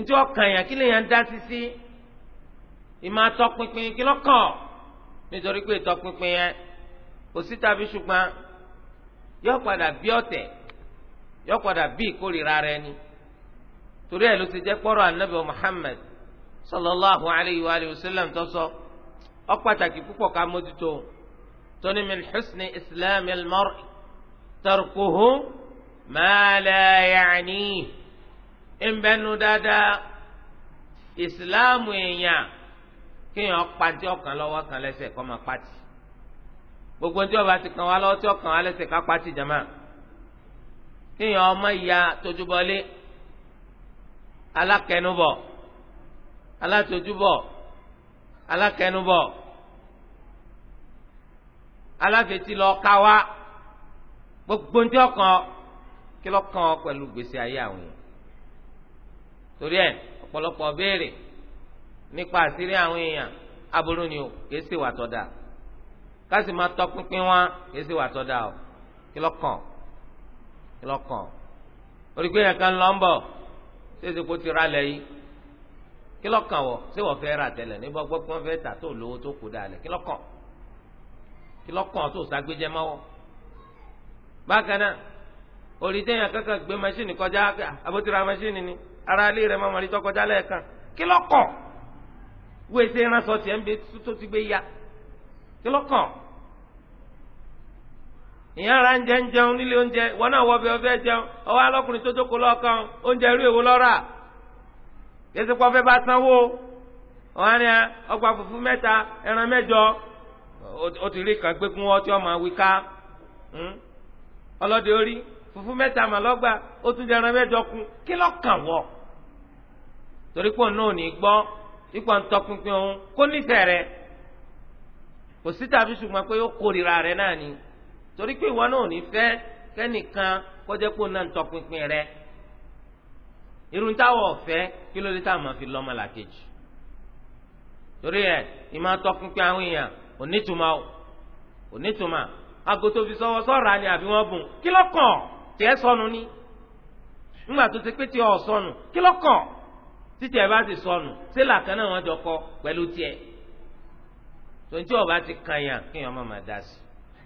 ntí ọkàn yẹn kí lèèyàn ń dá sí sí ìmọ̀ àtọpinpin nítorí pé yẹn tàbí ṣùgbọ́n padà bí ọ̀tẹ̀ padà bí rẹ ni torí ló ti jẹ́ Muhammad sallallahu alayhi wa sallam tó sọ. ó pàtàkì púpọ̀ ká mójútó tóní min husni islam al-mar'i tarkuhu ma la ya'nihi ìbẹ́nu dáadáa ìsìláàmù èèyàn kéèyàn pàtí ọkàn lọ́wọ́ kan lẹ́sẹ̀ kọ́ máa pàtì gbogbo tí ọba ti kàn wá lọ́wọ́ tí ọkàn wá lẹ́sẹ̀ ká pàtì jàmá kéèyàn ọmọ ìyá tójúbọlé alákẹnubọ alátojúbọ alákẹnubọ̀ aláfetí lọ ká wá gbogbo ntí ọkàn kí lọ́kàn pẹ̀lú gbèsè ayé àwọn yẹn torí ẹ ọ̀pọ̀lọpọ̀ béèrè nípa àṣírí àwọn èèyàn aburú ni o kìí ṣe wà tọ́da káṣí máa tọpinpin wá kìí ṣe wà tọ́da o kí lọ́kàn kí lọ́kàn orí pé yẹn kan lọ́ ń bọ̀ ṣé èsì kò ti ralẹ̀ yìí kí lọ́kàn wọ ṣé wọ́n fẹ́ rà tẹ́lẹ̀ níbo gbọ́ pé wọ́n fẹ́ tà tó lówó tó kù dáa lẹ̀ kí lọ́kàn tó mọ́wọ́. bákan náà orí téèyàn kankan gbé machine kọjá àbótira machine ni ara ilé rẹ máa mọ̀lítọ́ kọjá lẹ́ẹ̀kan kí wo ránṣọ tiẹ̀ ń bẹ tó ti gbé ya ìyá ara ń jẹun nílé oúnjẹ wọn náà wọ yẹsẹ kó fẹ́ bá sanwó wọn ni ọgbà fufu mẹta ẹran mẹjọ o ti rí kan gbé kún ọtí ọmọ fufu ká ma hmm? orí fùfú mẹ́ta mà tún jẹ ẹran mẹjọ kún kí lọ́kàn wọ̀ torí pé náà ní ipò kó kò sí tàbí pé ó ni torí pé ìwọ náà ò ní rẹ irun táwọn ọ̀fẹ́ kí ló dé táwọn máa fi lọ́mọ làkejì torí ẹ ìmọ̀ atọ́kùnpé àwọn èèyàn onítùmá o onítùmá aago tó fi sọ́wọ́ sọ́ra ni àbí wọ́n bùn kí lọ́kàn tiẹ̀ sọnù ni ńgbà tó ti pé tiẹ̀ ọ̀ sọnù kí lọ́kàn títí ẹ bá ti sọnù ṣé làkàn náà wọ́n jọ kọ pẹ̀lú tiẹ̀ tó ń tí ọba ti kàn yàn kí yàn má máa dá sí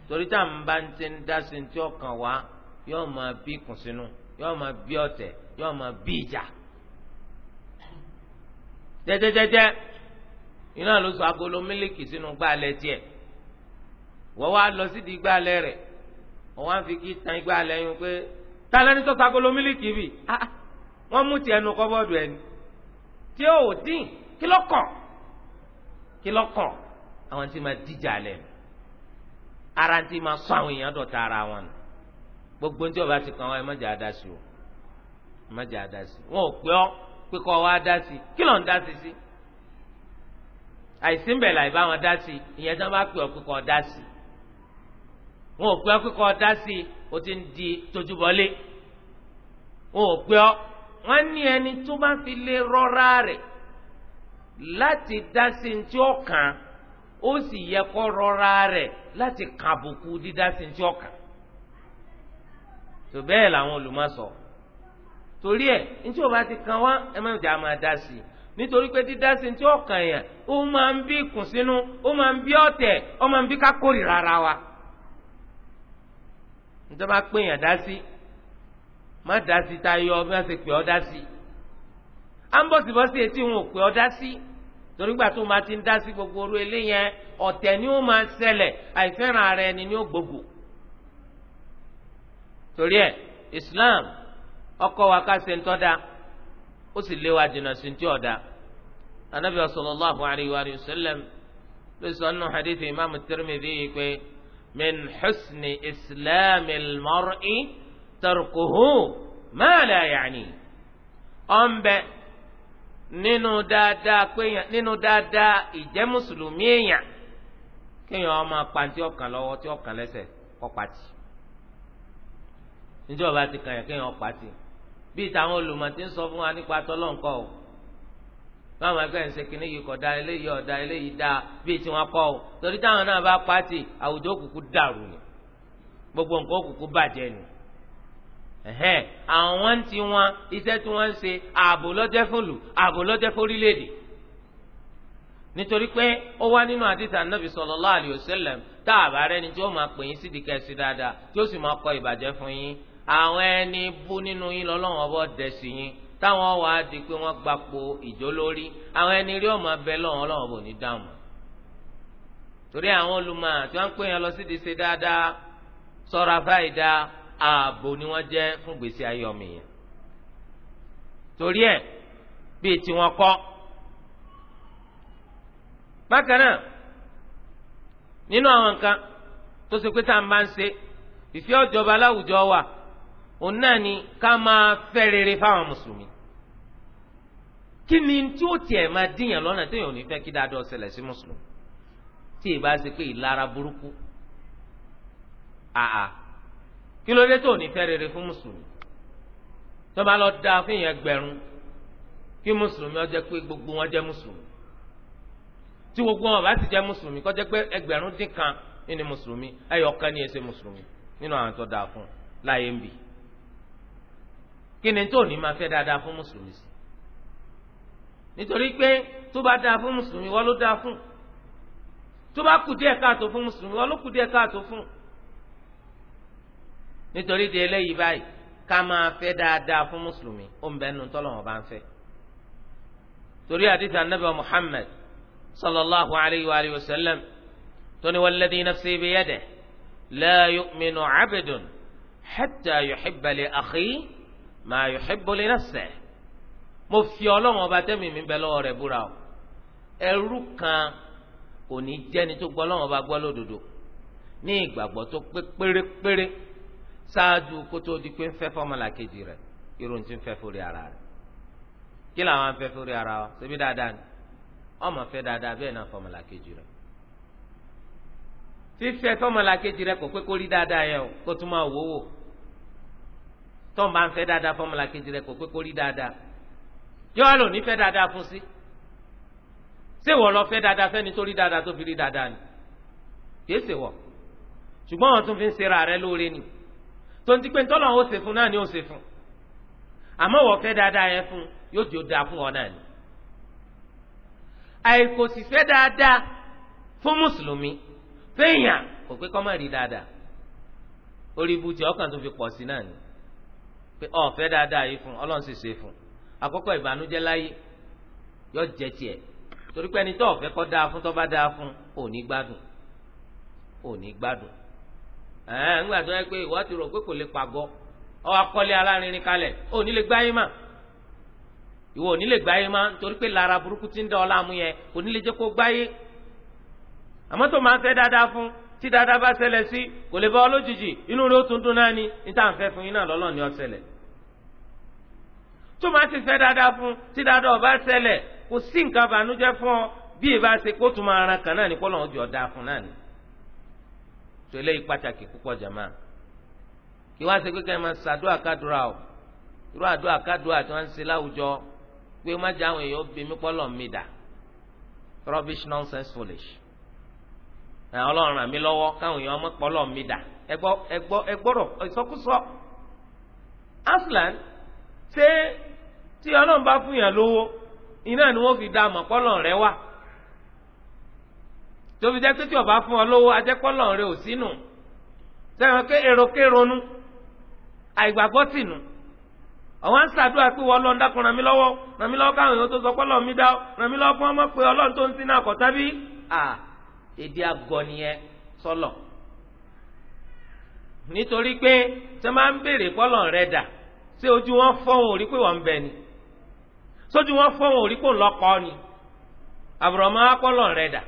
torí táwọn bá ń ti ń dá sí ní tí ọkàn wá yóò máa bí kùn sínú yóò máa bí ọ̀tẹ̀ yóò máa bí ìjà jẹjẹjẹjẹ iná ló sọ agolo mílíkì sínú gbàlẹ̀ tiẹ̀ wọ́n wá lọ sídìí gbàlẹ̀ rẹ̀ wọ́n wá fi kí tan gbàlẹ̀ yín pé talẹ́ni tó sọ agolo mílíkì bì ah, ah, wọ́n mú tiẹ̀ nu kọ́bọ́ọ̀dù ẹni tí ó dín kí ló kàn kí ló kàn àwọn tí máa díjà lẹ̀ ara tí máa sọ àwọn èèyàn dọ̀tá ara wọn nù gbogbo ní tí ọba ti kàn wá ẹ má jẹ àdásí o ẹ má jẹ àdásí wọn ò pé ọ pé kọ wá dásí kí ló ń dásí sí àìsí ń bẹ̀ láì bá wọn dásí ìyẹn tí wọn bá pè ọ pé kọ dásí wọn ò pé ọ pé kọ dásí o ti ń di tójúbọlé wọn ò pé ọ wọn ní ẹni tó bá fi lé rọra rẹ láti dásí tí ó ó sì yẹ kó rọra rẹ láti kàbùkù dídásí tí ó tó bẹ́ẹ̀ làwọn olùmọ̀ torí ẹ̀ ntí o bá ti kan wá ẹ má a máa dá sí i nítorí ti ọkàn yẹn ó máa ń bí ìkùnsínú ó máa ń bí ọ̀tẹ̀ ó máa ń bí wa nítorí bá yàn dá sí má dá sí ta bí wọ́n ṣe pè ọ́ dá sí à ń bọ̀sibọ́sí etí wọn ò pè ọ́ dá ti ń dá gbogbo orú ọ̀tẹ̀ ni ó máa ń ṣẹlẹ̀ ara ẹni ni gbogbo torí ẹ islam ọkọ wa ká ṣe ń tọ́da ó sì lé wa jìnnà sí ti ọ̀dà anabi sallallahu alayhi wa sallam ló sọ nínú hadith imaamu tirmidhi yìí pé min xusni islami lmọ́rì tarkuhu ma la yaani ọ̀nbẹ nínú dáadáa péyàn nínú dáadáa ìjẹ́ mùsùlùmí èèyàn kéèyàn ọmọ pàǹtí ọ̀kan lọ́wọ́ tí ọ̀kan lẹ́sẹ̀ kọ́ pàtì níjọ́ bá ti kàn yàn kéèyàn pàtì bíi táwọn olùmọ̀tí ń sọ fún wa nípa tọ́lọ́ǹkọ́ o báwọn ẹgbẹ́ ń ṣe kínní yìí kọ̀ da eléyìí ọ̀dà eléyìí da bíi tí wọ́n kọ́ o torí táwọn náà bá pàtì àwùjọ òkùnkùn dàrú ni gbogbo nǹkan òkùnkùn bàjẹ́ ni ẹ̀hẹ́n àwọn tí wọn iṣẹ́ tí wọ́n ń ṣe ààbò lọ́jẹ́ fòlù ààbò lọ́jẹ́ fórílẹ̀-èdè nítorí pé ó wá nínú àdìsí ànábì sallallahu alayhi wa sallam tá a bá tí ó máa pè yín sídìí kẹsì dáadáa tí ó sì máa kọ ìbàjẹ́ fún yín àwọn ẹni bú nínú yín lọ́lọ́wọ́n ọbọ̀ dẹ̀ sí yín táwọn wàá di pé wọ́n gbapò ìjó lórí àwọn ẹni rí ọmọ abẹ lọ́wọ́n ọlọ́wọ́n bò ní dáhùn torí àwọn olùmọ̀ tí wọ́n ń pè yẹn lọ sí ìdíṣe dáadáa sọ̀rọ̀ àfáìdá ààbò ni wọ́n jẹ́ fún gbèsè ayé ọmọ yẹn torí ẹ̀ bíi tiwọn kọ́ bákan náà nínú àwọn nǹkan tó ṣe pé tá à ń ń ṣe ìfẹ́ ọ̀jọba láwùjọ wà òun náà ni ká máa fẹ́ rere fáwọn mùsùlùmí kí ni tí ó tiẹ̀ máa díyàn lọ́nà téèyàn ò ní fẹ́ kí dáadọ́ ṣẹlẹ̀ sí mùsùlùmí tí ì bá ṣe pé ìlara burúkú àà kí ló dé tó ò ní fẹ́ rere fún mùsùlùmí tó bá lọ dáa fún ìyẹn gbẹ̀rún kí mùsùlùmí ó jẹ́ pé gbogbo wọn jẹ́ mùsùlùmí tí gbogbo wọn bá sì jẹ́ mùsùlùmí kó jẹ́ pé ẹgbẹ̀rún dín kan ní mùsùlùmí ẹyọ kan ní ẹsẹ mùsùlùmí nínú àwọn tó dáa fún láyé ń bì kí ni tó ní máa fẹ́ dáadáa fún mùsùlùmí sí nítorí pé tó bá dáa fún mùsùlùmí wọ́n ló dáa fún tó bá kù díẹ̀ káàtó fún mùsùlùmí wọ́n ló kù díẹ̀ káàtó fún nítorí di eléyìí báyìí ká máa fẹ́ dáadáa fún mùsùlùmí ó ń bẹ nu tọ́lọ́wọ́n bá ń fẹ́ torí àdìsí ànábì Muhammad sallallahu alayhi wa alihi wa sallam tóní walladhi nafsi biyadihi la yu'minu abdun hatta yuhibba li akhihi ma yuhibbu li nafsihi mo fi ọlọ́run ọba tẹ́mi mi bẹ lọ́wọ́ rẹ̀ búra o ẹrú kan kò ní jẹ́ni tó gbọ́ ọlọ́run ọba gbọ́ lódodo ní ìgbàgbọ́ tó pé pérépéré ṣáájú kó tó di pé ń fẹ́ fọ́mọlà kejì rẹ̀ irun tí ń fẹ́ forí ara rẹ̀ kí làwọn ń fẹ́ forí ara wa ṣebí dáadáa ni ọmọ fẹ́ dáadáa bẹ́ẹ̀ náà fọ́mọlà kejì rẹ̀ fífẹ́ fọ́mọlà kejì rẹ̀ kò pé kó rí dáadáa yẹn o kó tún máa wò wò tó ń bá ń fẹ́ dáadáa fọ́mọlá kejì rẹ̀ kò pé kó rí dáadáa yọ àlò ní fẹ́ dáadáa fún sí ṣé wọ́n lọ fẹ́ dáadáa fẹ́ni tó rí dáadáa tó fi rí dáadáa ni kìí ṣe wọ́ ṣùgbọ́n wọ́n tún fi ń ṣe ra rẹ lóore ni tó ń ti pé ntọ́lọ́ ó ṣe fún náà ni ó ṣe fún àmọ́ wọ́n fẹ́ dáadáa yẹn fún yóò di ó dáa fún ọ náà ni àìkò sì fẹ́ dáadáa fún mùsùlùmí fẹ́yàn kò pé kọ́ má rí dáadáa orí ibùtì ọkàn tó fi pọ̀ sí náà ni. pé ọ̀fẹ́ dáadáa yìí fún ọlọ́run sì ṣe fún àkọ́kọ́ ìbànújẹ láyé yọ jẹ tiẹ̀ torí pé ẹni kọ́ dáa fún bá dáa fún ò ní gbádùn ò ní gbádùn ẹ̀ẹ́n nígbà tó yẹ pé ìwọ ti rò pé kò lè ọ alárinrin ò ní lè mà ìwọ ò ní lè mà torí pé lára burúkú ti ń ọ láàmú kò ní fún tí dáadáa bá ṣẹlẹ̀ sí kò lè bá ọ lójijì inú rẹ ó tún dún náà ni níta ń fẹ́ fún yín náà lọ́lọ́ ni ó ṣẹlẹ̀ tó máa ti fẹ́ dáadáa fún tí dáadáa ọba ṣẹlẹ̀ kò sí nǹkan bànújẹ́ fún ọ bí ìbá ṣe kó tún máa ran kan náà ní kọ́ lọ́n jọ fún náà ni tó eléyìí pàtàkì púpọ̀ jàmá kí wá ṣe pé kẹ́ ẹ máa ṣàdúrà kádùrà o irú àdúrà kádùrà tí wọ́n ń ṣe láwùjọ pé má jẹ́ àwọn èèyàn bí mí pọ́ mi dà rubbish nonsense foolish ọlọ́run ràn mí lọ́wọ́ káwọn èèyàn ọmọ pọ́lọ́ mi dà ẹgbọ́ ẹgbọ́ ẹgbọ́rọ̀ ìsọkúsọ. aslan ṣé tí ọlọ́run bá fún yàn lówó iná ni wọ́n fi dá àmọ́ rẹ wà. tóbi jẹ́ pé tí ọba fún ọ lówó ajẹ́pọ́lọ́ rẹ ò sínú sẹ́wọ̀n pé àìgbàgbọ́ sínú àwọn dákun ràn mí sọ pọ́lọ́ mi dá ràn mí lọ́wọ́ fún ọmọ pé ọlọ́run tó ń sin náà èdè agọniyẹ sọlọ nítorí pé tí wọn máa ń béèrè kọlọ rẹ dà ṣé ojú wọn fọwọn ò rí pé wọn ń bẹ ni sójú wọn fọwọn ò rí pé wọn lọkọ ni àbùrọ̀mọ́ akọlọ rẹ dà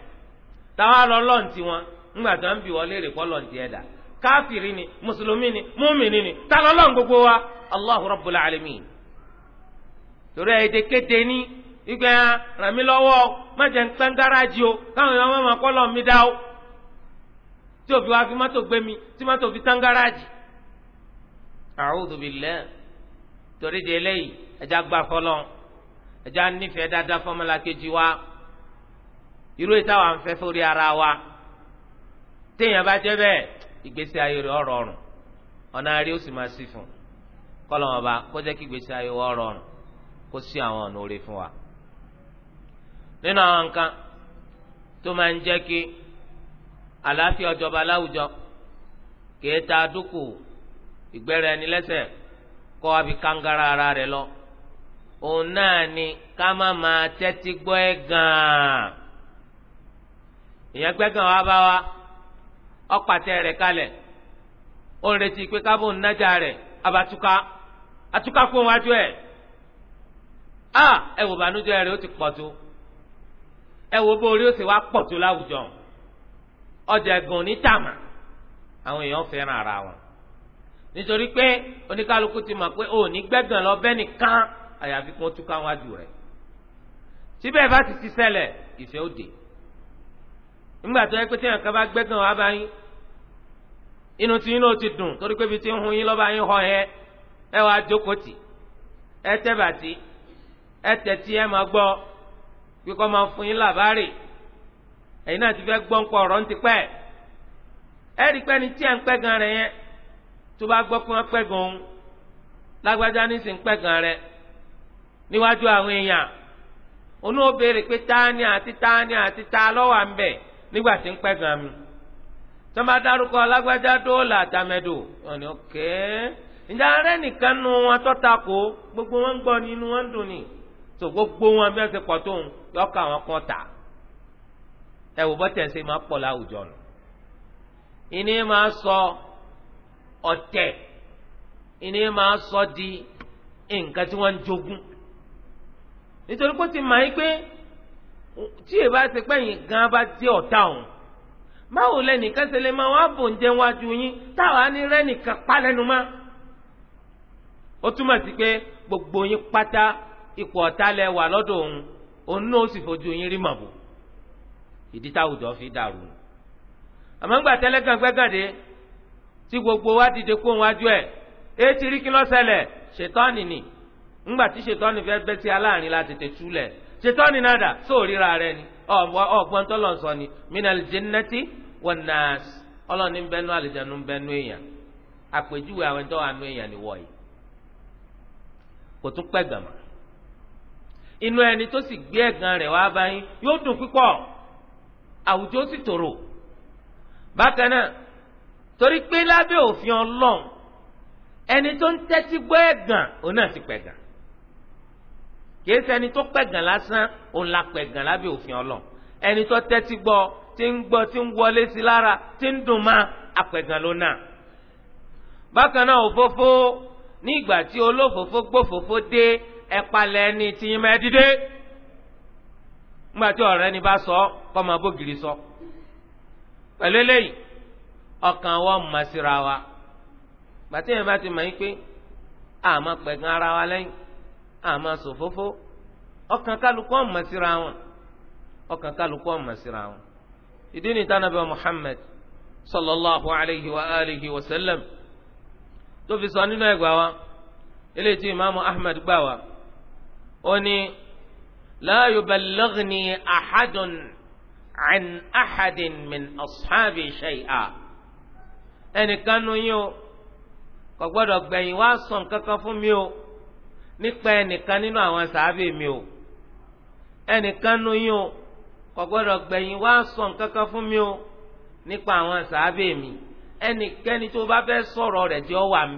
táwọn alọ́lọ́ ntí wọn ńgbà tí wọn ń bì wọ́n léèrè kọlọ ntí ẹ dà káfìrí ni mùsùlùmí ni múmìnì ni tálọ́lọ́ gbogbo wa Allahu Rabbul Alamin torí ẹ̀ èdè kéde ní ìgbẹ́ ya ràn mí lọ́wọ́ má jẹ́ nǹkan gáràjì o káwọn èèyàn máa kọ́ lọ́ọ̀ mi dá o tí òfin wá fi mọ́tò gbé mi tí mọ́tò fi tán gáràjì. a'udhu billah torí de eléyìí ẹja gbà fọlọ́ ẹja nífẹ̀ẹ́ dáadáa fọmọlá kejì wa irú ìta wà ń fẹ́ sórí ara wa téèyàn bá jẹ́ bẹ́ẹ̀ ìgbésí ayé rẹ̀ ọ̀rọ̀ ọ̀rùn ọ̀nà àárí ó sì máa sí fún kọ́lọ́mọba kó jẹ́ kí ìgbésí ayé wa ọ̀rọ̀ kó sí àwọn ọ̀nà òre fún wa. nínú àwọn nǹkan tó máa ń jẹ́ kí ọjọba láwùjọ kìí ta dúkù ìgbẹ́ra ẹni lẹ́sẹ̀ kọ́ àbí kangara ara rẹ̀ lọ òun náà ni ká má máa tẹ́tí gbọ́ ẹ gan-an ìyẹn gbẹ́gàn wá bá wa ọ̀pàtẹ́ rẹ̀ kalẹ̀ ó ń retí pé ń nájà rẹ̀ ẹ wo bó orí ó sì wá pọ̀ tó láwùjọ ọjà ẹ̀gàn ní tàmà àwọn èèyàn fẹ́ràn ara wọn nítorí pé oníkálukú ti mọ̀ pé òní gbẹ̀gàn lọ nìkan àyàfi kó túká wájú rẹ̀ síbẹ̀ bá ti ti ìfẹ́ òde nígbà tó yẹ pé kan bá gbẹ́gàn wá bá yín inú tí ti dùn torí pé ibi pé kọ́ máa fún yín làbárì ẹ̀yin náà ti fẹ́ gbọ́ ń pọ̀ ọ̀rọ̀ ń ti pẹ́ ẹ rí ni tí ń pẹ́ gan yẹn tó bá gbọ́ pé wọ́n pẹ́ gan òun lágbájá ní sì pẹ́ gan rẹ̀ níwájú àwọn èèyàn onú ó pé tání àti tání àti tá lọ́wọ́ à ń bẹ̀ nígbà tí ń pẹ́ gan mi tó bá dárúkọ lágbájá dóòlà àtàmẹ́dò wọn ọ̀kẹ́ so gbogbo wọn bí wọn ṣe pọ̀ tó ń yọkọ àwọn kan tà ẹ wò bọ́tẹ̀ ṣe máa pọ̀ láwùjọ nù ìní máa sọ ọ̀tẹ̀ ìní máa sọ di nǹkan tí wọ́n ń jogún nítorí pé ó ti mọ̀ yín pé tí èèbá ṣe pẹ́yìn gan bá dé ọ̀tá òun báwo lẹ́nìkan ṣe lè máa wá bò ń jẹun wájú yín táwa ní rẹ́nìkan pa ó túmọ̀ sí pé gbogbo yín pátá ipò ọ̀tá lẹ lọ́dọ̀ òun òun náà ó sì fojú yín rí màbò ìdí táwùjọ fi dàrú àmọ́ ńgbà tẹ́lẹ̀ gbogbo wa dìde kó wájú ẹ̀ etí rí kí ló ṣẹlẹ̀ ṣètọ́nì ni ńgbà tí ṣètọ́nì fẹ́ bẹ́ sí aláàrin la tètè túlẹ̀ ṣètọ́nì náà dà sóòríra rẹ ni ọ̀gbọ́n tó lọ sọ ni minal jinnati wan nas ọlọ́ni ń bẹnu àlìjánu ń bẹnu èèyàn àpèjúwe àwọn àánú èèyàn inú ẹni tó sì gbé ẹ̀gàn rẹ̀ wá bá yín yóò dùn pípọ̀ àwùjọ sì tòrò bákan náà torí pé lábẹ́ òfin ọlọ́run ẹni tó ń tẹ́tí gbọ́ ẹ̀gàn òun náà ti pẹ̀gàn kìí ṣẹni tó pẹ̀gàn lásán òun la pẹ̀gàn lábẹ́ òfin ọlọ́run ẹni tó tẹ́tí gbọ́ tí ń gbọ́ tí ń wọlé sí lára tí ń dùn má apẹ̀gàn ló náà bákan náà òfófó ní ìgbà tí olófófó gbófófó dé ẹ ni ẹni tí yín máa dìde ọ̀rẹ́ ni bá sọ kọ́ máa bógiri sọ pẹ̀lú eléyìí ọkàn wọn mọ̀ síra wa gbàtí yẹn bá ti mọ̀ yín pé àmọ́ pẹ̀gàn ara wa lẹ́yìn àmọ́ sòfófó ọkàn kálukú ọ̀mọ̀ síra wọn ọkàn kálukú ọ̀mọ̀ síra wọn Muhammad sallallahu alayhi wa alihi wa sallam tó fi sọ nínú ẹgbàá wa eléyìí tí imaamu Ahmad gbà wa. oni ní la yuballighni ahadun an ahadin min ashabi shay'a ẹnìkan yín o kò gbọ́dọ̀ gbẹ̀yìn wá sàn kankan fún mi o nípa ẹnìkan nínú àwọn sàábì mi o ẹnìkan yín o kò gbọ́dọ̀ gbẹ̀yìn wá sàn kankan mi o nípa àwọn sàábì mi tó bá fẹ́ sọ̀rọ̀ rẹ̀ wà ń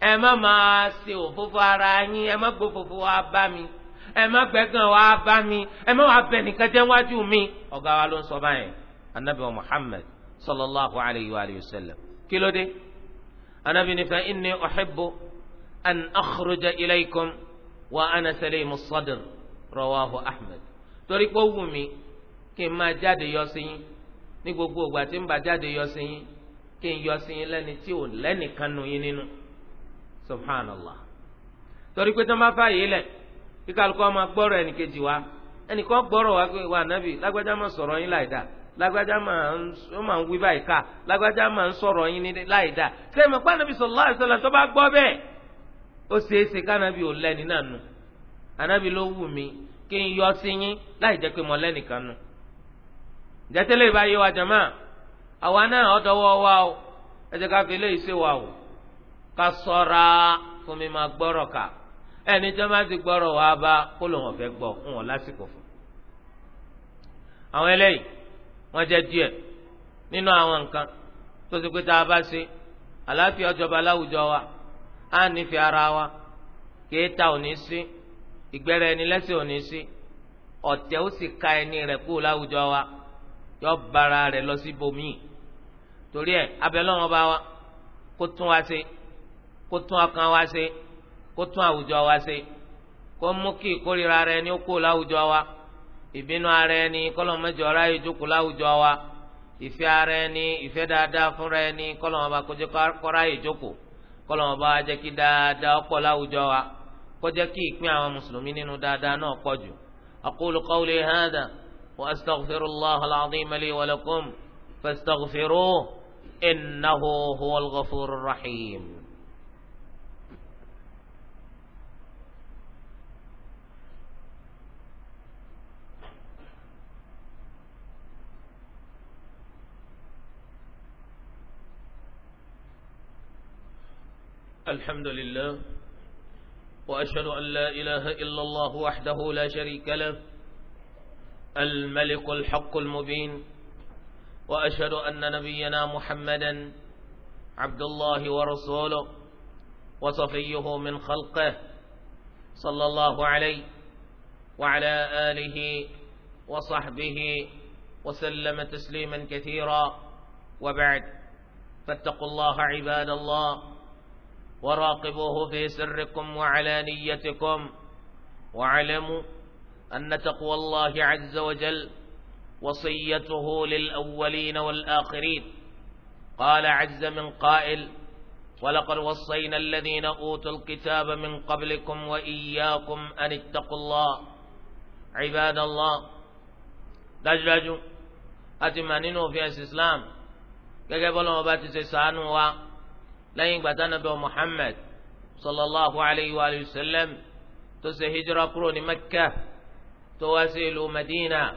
ẹ má máa ṣe òfófó ara yín ẹ má gbófófó wá bá mi ẹ má gbẹ́gàn wá bá mi ẹ má wá bẹ̀ nìkan jẹ́ wájú mi ọ̀gá wa ló ń sọ báyẹn anabi wa muhammad sallallahu alayhi wa sallam kí ló dé anabi ní fa inni uhibbu an akhruja ilaykum wa ana salimu sadr rawahu ahmed torí pé ó wù mí kí n máa jáde yọ sí yín ní gbogbo ìgbà tí n bá jáde yọ sí yín kí n yọ sí yín lẹ́ni tí ò lẹ́nìkan nù yín nínú. subhanallah torí pé tí wọn bá fààyè lẹ kí kálukọ ọmọ gbọrọ ẹnìkejì wa ẹnìkan gbọ́rọ̀ wa pé wà nábì lágbájá máa yín lágbájá máa ń wí báyìí ká lágbájá máa ń yín tó bá ó ò náà nù ló wù n yọ sí yín láì pé mo nù. ìbáyé wa o ẹ ká fi eléyìí ṣe wa o ká sọ́ra fún mi máa gbọ́rọ̀ kà ẹni tó bá ti gbọ́rọ̀ wá bá kó ló wọn fẹ́ gbọ́ fún wọn lásìkò fún. àwọn eléyìí wọ́n jẹ́ díẹ̀ nínú àwọn nǹkan tó ti pé tá a bá ṣe àlàáfíà ọjọba láwùjọ wa á nífẹ̀ẹ́ ara wa kéèta ò ní sí ìgbẹ́rẹ́ ẹni lẹ́sẹ̀ ò ní sí ọ̀tẹ̀ ó sì ka ẹni rẹ̀ kú láwùjọ wa yọ bara rẹ̀ lọ sí bòmíì torí ẹ̀ abẹ́lọ́wọ́n bá wa kó tún wa ṣe kó tún ọkàn wa ṣe kó tún àwùjọ wa ṣe kó mú kí ìkórira ara ẹni ó kó láwùjọ wa ìbínú ara ẹni kọlọmọjọ ọrá ìjókòó láwùjọ wa ìfẹ́ ara ẹni ìfẹ́ dáadáa fúnra ẹni kọlọmọba kó jẹ́ kọrá kọlọmọba jẹ́ kí dáadáa ọ̀pọ̀ láwùjọ wa kó kí ìpín àwọn mùsùlùmí nínú dáadáa náà pọ̀ jù. aqulu qawli hadha wa astaghfirullaha al-azim li wa lakum rahim. الحمد لله وأشهد أن لا إله إلا الله وحده لا شريك له الملك الحق المبين وأشهد أن نبينا محمدا عبد الله ورسوله وصفيه من خلقه صلى الله عليه وعلى آله وصحبه وسلم تسليما كثيرا وبعد فاتقوا الله عباد الله وراقبوه في سركم وعلانيتكم واعلموا أن تقوى الله عز وجل وصيته للأولين والآخرين قال عز من قائل ولقد وصينا الذين أوتوا الكتاب من قبلكم وإياكم أن اتقوا الله عباد الله دجاج أتمنى في الإسلام كيف bọ́lá wọn bá lẹ́yìn gbàtà nàbẹ́ Muhammad sallallahu alayhi wa sallam tó ṣe hijira kúrò ní Mẹ́kà tó wá sí ìlú Madina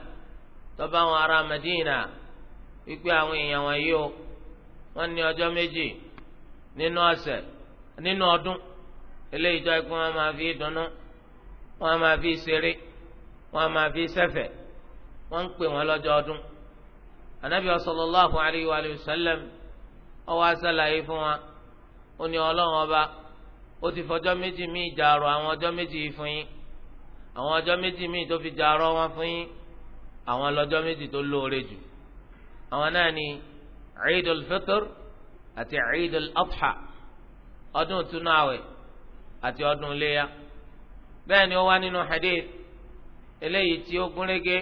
tó bá àwọn ará Madina wípé àwọn èèyàn wọ̀nyí o wọ́n ní ọjọ́ méjì nínú ọ̀sẹ̀ nínú ọdún eléyìí tó ẹkún wọn máa fi dùnnú wọn máa fi ṣeré wọn máa fi ṣẹ̀fẹ̀ wọn ń pè wọn lọ́jọ́ ọdún anabi sallallahu alayhi wa sallam ó wá fún wa ó ní ọlọ́run ọba ó ti fọjọ́ méjì míì jàrọ̀ àwọn ọjọ́ méjì yìí fún yín àwọn ọjọ́ méjì míì tó fi jàrọ̀ wọn fún yín àwọn lọ́jọ́ méjì tó lóore jù àwọn náà ni Eidul Fitr àti Eidul Adha ọdún túnú àwẹ̀ àti ọdún iléyà bẹ́ẹ̀ ni ó wá nínú hadith eléyìí tí ó gúnrégé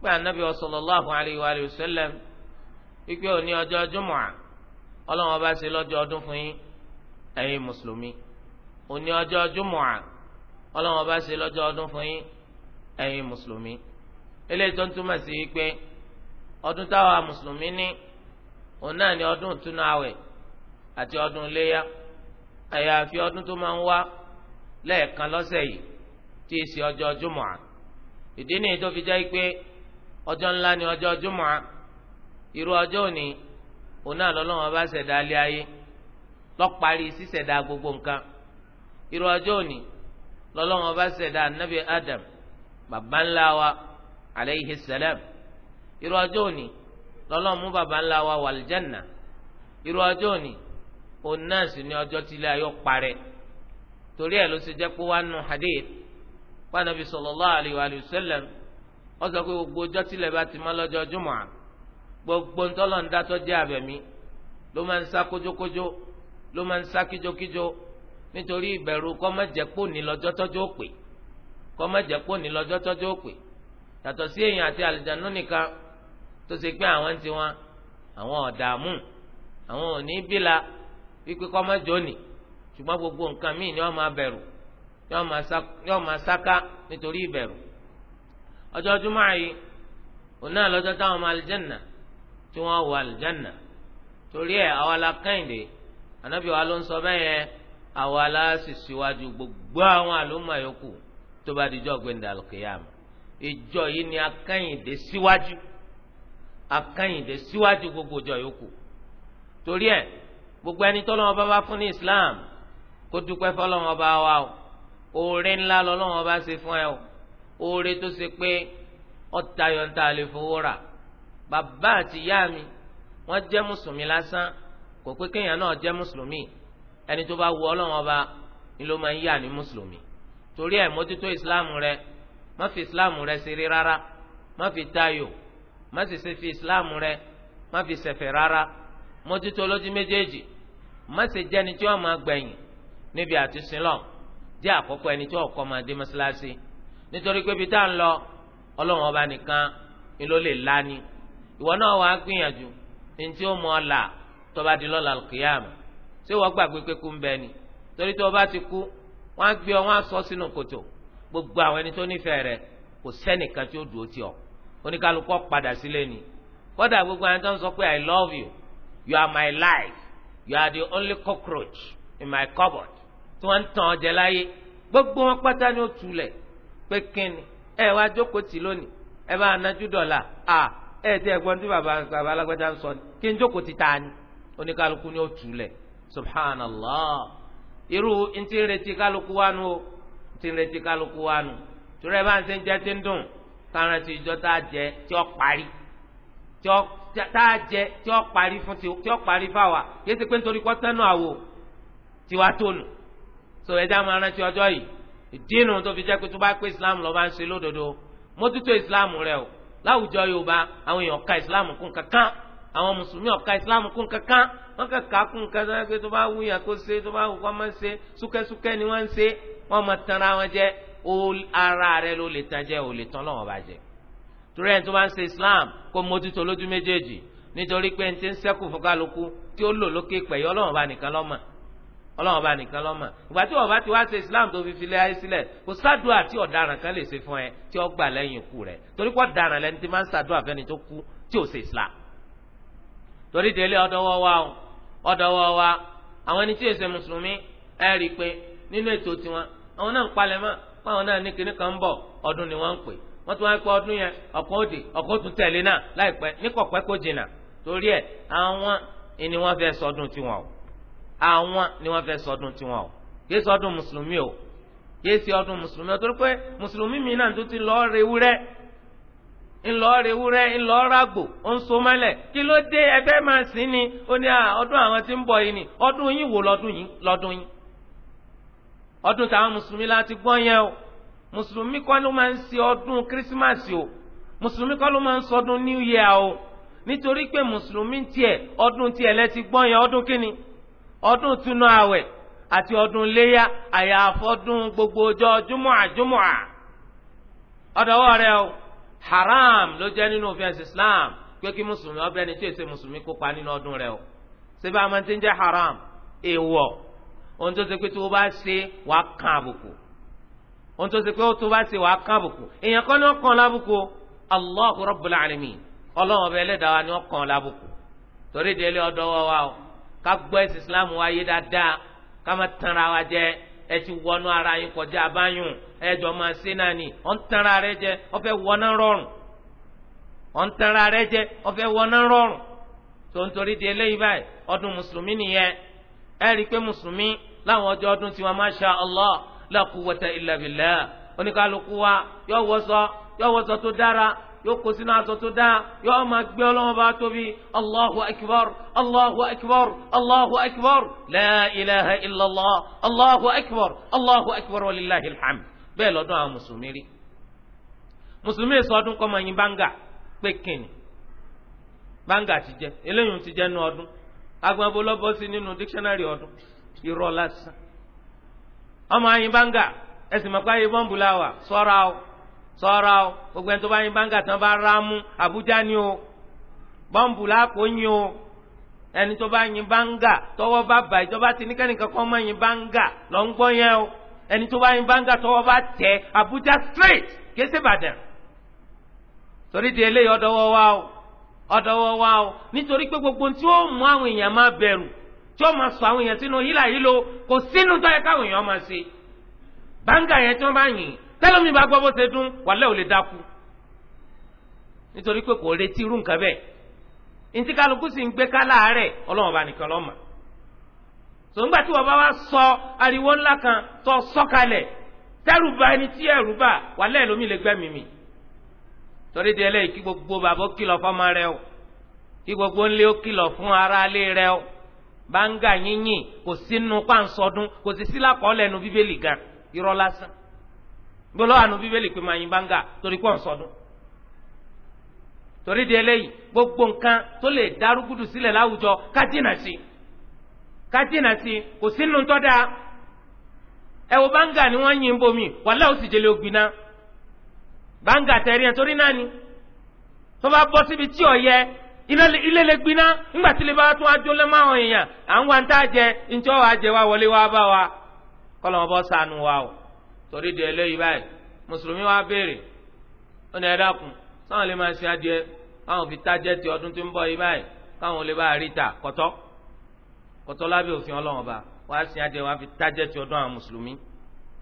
pé anabi sallallahu alayhi wa sallam wípé òní ọjọ́ jumu'ah. ọlọ́run ọba ṣe lọ́jọ́ ọdún fún yín ẹ̀yin mùsùlùmí òní ọjọ́ júmọ̀à ọlọ́run ọba ṣe lọ́jọ́ ọdún fún yín ẹ̀yin mùsùlùmí eléyìí tó ń túmọ̀ sí pé ọdún táwa mùsùlùmí ní òun náà ni ọdún ìtúnu àwẹ̀ àti ọdún iléyà ọdún tó máa ń wá lẹ́ẹ̀kan lọ́sẹ̀ yìí tí ọjọ́ ìdí nìyí tó òun náà lọ́lọ́wọ́n bá ṣẹ̀dá alẹ́ ayé lọ́parí ṣíṣẹ̀dá gbogbo nǹkan irú ọjọ́ òní lọ́lọ́wọ́n bá ṣẹ̀dá anabi adam bàbá ńlá wa aleyhi salam irú ọjọ́ òní lọ́lọ́wọ́n mú bàbá ńlá wa wàlìjánà irú ọjọ́ òní òun náà sì ni ọjọ́ tí ilé ayé parẹ́ torí ẹ̀ ló ṣe jẹ́ pé wàá nu hadith pànàbí sallallahu alayhi wa sallam ó sọ pé gbogbo ọjọ́ tí ilẹ̀ bá ti mọ́ lọ́jọ́ jùmọ̀ àná gbogbo ntọ́lọ̀ ń dátọ́ jẹ́ abẹ̀mí ló máa ń sá kójókójó ló máa ń sá kíjokíjo nítorí ìbẹ̀rù kọ́mọ̀jẹ̀pọ̀ ní lọ́jọ́ tọ́jọ́ òpè kọ́mọ̀jẹ̀pọ̀ ní lọ́jọ́ tọ́jọ́ òpè yàtọ̀ sí èèyàn àti àlìjánu nìkan tó ṣe pé àwọn ti wọn àwọn ọ̀dààmú àwọn ò ní wípé kọ́mọ̀jọ́ nì ṣùgbọ́n gbogbo nǹkan míì ni wọ́n máa bẹ̀rù ni wọ́n máa sáká nítorí ìbẹ̀rù ọjọ́ jùmọ̀ yìí òun náà lọ́jọ́ táwọn ọmọ àlìjánu náà tí wọ́n wọ àlùjánnà torí ẹ̀ àwa la kẹ́hìndé ànábì wa ló ń sọ bẹ́ẹ̀ yẹn àwa la sì síwájú gbogbo àwọn àlùmọ̀ yòókù tó bá dijọ́ gbẹ̀ndà àlùkìyàmù ìjọ yìí ni akẹ́hìndé síwájú akẹ́hìndé síwájú gbogbo ìjọ yòókù torí ẹ̀ gbogbo ẹni tọ́lọ́wọ́n bá bá fún ní Islam kó dúpẹ́ fọlọ́wọ́n bá wa o oore ńlá lọ́lọ́wọ́n bá ṣe fún ẹ o oore tó ṣe pé ọ̀tayọ̀ ń ta lè fowó rà bàbá àti ìyá mi wọ́n jẹ́ mùsùlùmí lásán kò pé kéèyàn náà jẹ́ mùsùlùmí ẹni tó bá wu ọlọ́run ọba ni ló máa ń yà ní mùsùlùmí torí ẹ̀ mójútó ìsìláàmù rẹ má fi ìsìláàmù rẹ ṣeré rárá má fi tayò má sì ṣe fi ìsìláàmù rẹ má fi ṣẹ̀fẹ̀ rárá mójútó lójú méjèèjì má ṣe jẹ́ni tí wọ́n máa gbẹ̀yìn níbi àtúnṣinlọ jẹ́ àkọ́kọ́ ẹni tí wọ́n máa dé mọ́ṣáláṣí nítorí pé ibi tá ń lọ ọlọ́run ọba nìkan ni ló lè lá ni ìwọ náà wàá gbìyànjú ntí ó mọ ọlà tọba di lọ́la kìyàmù ṣé wọ́n gbàgbé pé kú ń bẹ ni torí tí wọ́n bá ti kú wọ́n á gbé ọ wọ́n á sọ sínú kòtò gbogbo àwọn ẹni tó nífẹ̀ẹ́ rẹ kò sẹ́nìkan tí ó dùn ó ti ọ oníkálukọ́ padà sílé ni kódà gbogbo àwọn tó ń sọ pé i love you you are my life you are the only cockroach in my cupboard tí wọ́n ń tàn ọ́ jẹ láyé gbogbo wọn pátá ni ó tulẹ̀ pé kíni ẹ wá jókòó tì lónìí ẹ bá anájú dọ̀la ah ẹ ti ẹ̀gbọ́n tí baba baba alágbádá ń sọ ni kí n jókòó ti ta ni oníkálukú ni ó tù lẹ̀ subhanallah irú ntí ń retí kálukú wa nu o ntí ń retí kálukú wa nu torí bá ń ṣe ń jẹ tí ń dùn kárán ti ìjọ tá a jẹ tí ó parí tí ó tá a jẹ tí ó parí fún ti tí ó parí fáwa kí ẹsẹ pé nítorí kọ́ tẹ́nu àwò tiwa tónu so ẹ já máa rántí ọjọ́ yìí ìdí nu tó fi jẹ́ pé tó bá pé Islam lọ́ọ́ bá ń ṣe lódodo mójútó Islam rẹ o láwùjọ yorùbá àwọn èèyàn ka islam kún kankan àwọn mùsùlùmí ọ̀ka islam kún kankan wọ́n kàkà kún kankan pé tó bá wù yàn kó ṣe tó bá wù kó má ṣe súkẹ́súkẹ́ ni wọ́n ń ṣe wọ́n máa tanra wọn jẹ ara rẹ ló lè tan jẹ ò lè tán lọ́wọ́ bàjẹ́ torí ẹni tó bá ń ṣe islam kó mójútó lójú méjèèjì nítorí pé ẹni tí ń ṣẹ́kù fún kálukú tí ó lò lókè pẹ̀yọ́ lọ́wọ́ bá nìkan lọ́mọ̀ ọlọ́run ọba nìkan ló mọ̀ ìgbà tí ọba ti wá ṣe islam tó fi filẹ̀ ayé sílẹ̀ kò sádùá tí ọ̀daràn kan lè ṣe fún ẹ tí ọ gbà lẹ́yìn ikú rẹ torí kọ́ ọ̀daràn lẹni tí máa ń sádùá fẹ́ni tó kú tí ò torí délé ọdọwọ o ọdọwọ àwọn ẹni mùsùlùmí ẹ pé nínú ètò tiwọn àwọn náà ń palẹ̀ mọ́ àwọn náà ní kinní bọ̀ ọdún ni wọ́n ń pè àwọn ni wọ́n fẹ́ sọdún tiwọn o yéé sọdún mùsùlùmí o yéé sí ọdún mùsùlùmí o torí pé mùsùlùmí mi náà tó ti ńlọ ńlọ rágbò ó ń so mọ́lẹ̀ kí ló dé ẹgbẹ́ máa sìn ni ó ní ọdún àwọn tí ń yìí ni ọdún yìí wò o mùsùlùmí kọ́ ló máa ń ọdún kírísímàsì o mùsùlùmí kọ́ ló máa ń new ọdún túnú àwẹ̀ àti ọdún léyà àyàfọ́dún gbogbo ọjọ́ júmọ̀à júmọ̀à ọ̀dọ̀wọ́ rẹ haram ló jẹ nínú òfin Islam pé kí mùsùlùmí ni tí èsè mùsùlùmí kópa nínú ọdún rẹ o ṣé a ti ń haram èèwọ̀ ohun tó ṣe pé tó bá ṣe wàá kan àbùkù ohun tó ṣe pé tó bá ṣe àbùkù èèyàn kan ní ọlọ́run ọbẹ̀ ẹlẹ́dàá wa ká gbọ́ ẹ̀sìn islam wáyé dáadáa ká má tanra wa jẹ ẹ ti wọnú ara yín kọjá abáyùn ẹ jọ máa ṣe náà ni ọ̀ ń tanra rẹ jẹ ọ fẹ́ wọná rọrùn ọ̀ ń tanra rẹ jẹ ọ fẹ́ wọná rọrùn tó ń torí di eléyìí báyìí ọdún mùsùlùmí nìyẹn ẹ rí i pé mùsùlùmí láwọn ọjọ́ ọdún tiwọn masha Allah la quwwata illa billah oníkàlùkù wa yọ wọ́sọ yọ wọ́sọ tó dára yóò kó sínú aṣọ tó dáa yóò máa gbé ọlọ́wọ́n bá tóbi allahu akbar allahu akbar allahu akbar la ilaha illallah allahu akbar allahu akbar walillahi alhamd bẹ́ẹ̀ lọ́dún àwọn mùsùlùmí rí mùsùlùmí sọ ọdún kọ́ mọ̀ yín pé kìnnì báńgà ti jẹ eléyìí ti jẹ nu ọdún agbọ̀nbó lọ́bọ̀ sí nínú dictionary ọdún irọ́ lásán ọmọ yín báńgà ẹ̀sìn mọ̀pá bọ́ǹbù láwà sọ́ra o sọ́ra o gbogbo ẹni tó bá ní báńgà tán bá rámú Àbújá ni o bọ́ǹbù lápò yín o ẹni tó bá yin báńgà tọwọ́ bá bàyí tó bá ti ní kẹ́nìkan kọ́ mọ́ yin báńgà lọ́ ń gbọ́ yẹn o ẹni tó bá yin báńgà tọwọ́ bá tẹ Àbújá straight kése Ìbàdàn torí di eléyìí ọ̀dọ́wọ́ wa o ọ̀dọ́wọ́ wa o nítorí pé gbogbo tí ó mú àwọn èèyàn máa bẹ̀rù tí ó máa sọ àwọn èèyàn sínú hílàhílo kò sínú tó yẹ káwọn èèyàn máa ṣe báńgà yẹn tí wọ́n bá yìn tẹ́lómi bá gbọ́ bó ṣe dún wàlẹ́ ò lè dákú nítorí pé kò retí irú nǹkan bẹ́ẹ̀ ntí kálukú sì ń gbé ká láàárẹ̀ ọlọ́run bá nìkan lọ́mọ sòǹgbà tí wọ́n bá wá sọ ariwo ńlá kan tó sọ́kalẹ̀ tẹ́rù bá ẹni tí ẹ̀rù bá wàlẹ́ lómi lè gbẹ́mí mi torí di ẹlẹ́yìí kí gbogbo bàbá kìlọ̀ fọ́mọ rẹ o kí gbogbo ńlẹ́ ó kìlọ̀ fún aráalé rẹ o báńgà yínyìn kò sínú pàǹsọdún kò sì sílá kọ́ bíbélì gan irọ́ lásán bọ́lọ́ àánú bíbélì pé máa yin báńgà torí pọ̀ ń sọdún torí di eléyìí gbogbo nǹkan tó lè darúgúdù sílẹ̀ láwùjọ kájínà sí kájínà sí kò sínú ẹ wo ni wọ́n yin bomi wàhálà ó sì jẹlé ògbìnà torị tẹ̀rí ẹ̀ torí náà ni tó bá bọ́ síbi tí ò yẹ ilé gbiná wa jẹ wa wọlé wa bá wa o. torí di eléyìí báyìí mùsùlùmí wa béèrè ó ní ẹ dákun sáwọn lè máa ṣe adìẹ káwọn fi tájẹ́tì ọdún tó ń bọ̀ yìí báyìí káwọn lè bá a rí ta kọ́tọ́ kọ́tọ́ lábẹ́ òfin ọlọ́wọ́n ba wá sí adìẹ wá fi tájẹ́tì ọdún àwọn mùsùlùmí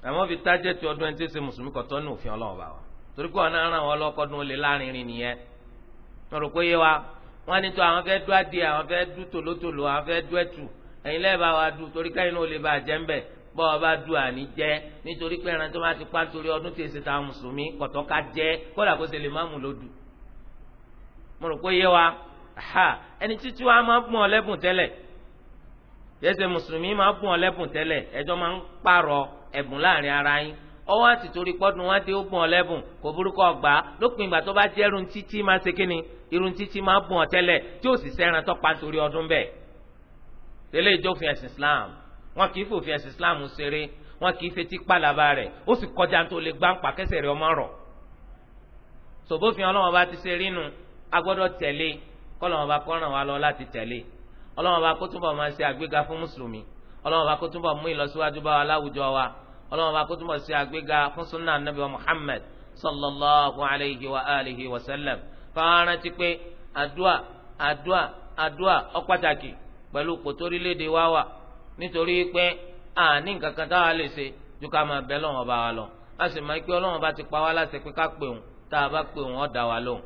àmọ́ fi tájẹ́tì ọdún ẹni tí ń ṣe mùsùlùmí kọ́tọ́ ní òfin ọlọ́wọ́n ba wa torí pé ọ̀nà ara wọn lọ́kọ́dún olè lárinrin nìyẹn wọn rò pé yé wa wọn ní tó àwọn fẹ́ dú adìẹ àwọn fẹ́ dú tòlótòló àwọn fẹ́ dú ẹ̀tù ẹ̀yin lẹ́ẹ̀ bá wa dú torí káyìn náà ó lè bá a jẹ́ ńbẹ̀ bọ́ ọ bá du àní jẹ́ nítorí pé ẹran tó bá ti pa nítorí ọdún tí èsì táwọn mùsùlùmí kọ̀tọ́ jẹ́ kódà kó ṣe lè má mú lòdù. mo rò pé yé wa ẹni títí wa máa bùn ọ lẹ́bùn tẹ́lẹ̀ yẹsẹ mùsùlùmí máa bùn ọ lẹ́bùn tẹ́lẹ̀ ẹjọ́ máa ń pààrọ̀ ẹ̀bùn láàrin ara yín ọwọ́ àti torí pọ́dún wọn dé ó bùn lẹ́bùn kò burúkọ ọgbà lópin ìgbà tó bá jẹ́ irun títí máa ṣe kíni irun títí máa bùn ọ tẹ́lẹ̀ Islam wọn kì í fòfin ẹ̀sìn islam ṣeré wọn kì í fetí pàlàbà rẹ̀ ó sì kọjá tó lè gbá ń pa kẹsẹ̀ rẹ̀ ọmọ rọ̀ sòbófin ọlọ́wọ́n bá ti ṣe rí nu agbọ́dọ̀ tẹ̀lé kọ́lọ́wọ́n bá kọ́ràn wa lọ láti tẹ̀lé ọlọ́wọ́n bá kó túbọ̀ máa ṣe àgbéga fún mùsùlùmí ọlọ́wọ́n bá kó túbọ̀ mú ìlọsíwájú bá wa láwùjọ wa ọlọ́wọ́n bá kó túbọ̀ ṣe àgbéga fún sunna anabi muhammad sallallahu alayhi wa alihi wa sallam fáwọn ti pé àdúà àdúà àdúà ó pàtàkì pẹ̀lú kòtò orílẹ̀-èdè wa wà nítorí pé àní nǹkan kan táwa lè ṣe ju ká máa bẹ lọ́wọ́n bá wa lọ a sì máa pé ọlọ́wọ́n bá ti pa wá láṣẹ pé ká pè òun tá a bá pè òun ó wa lóhùn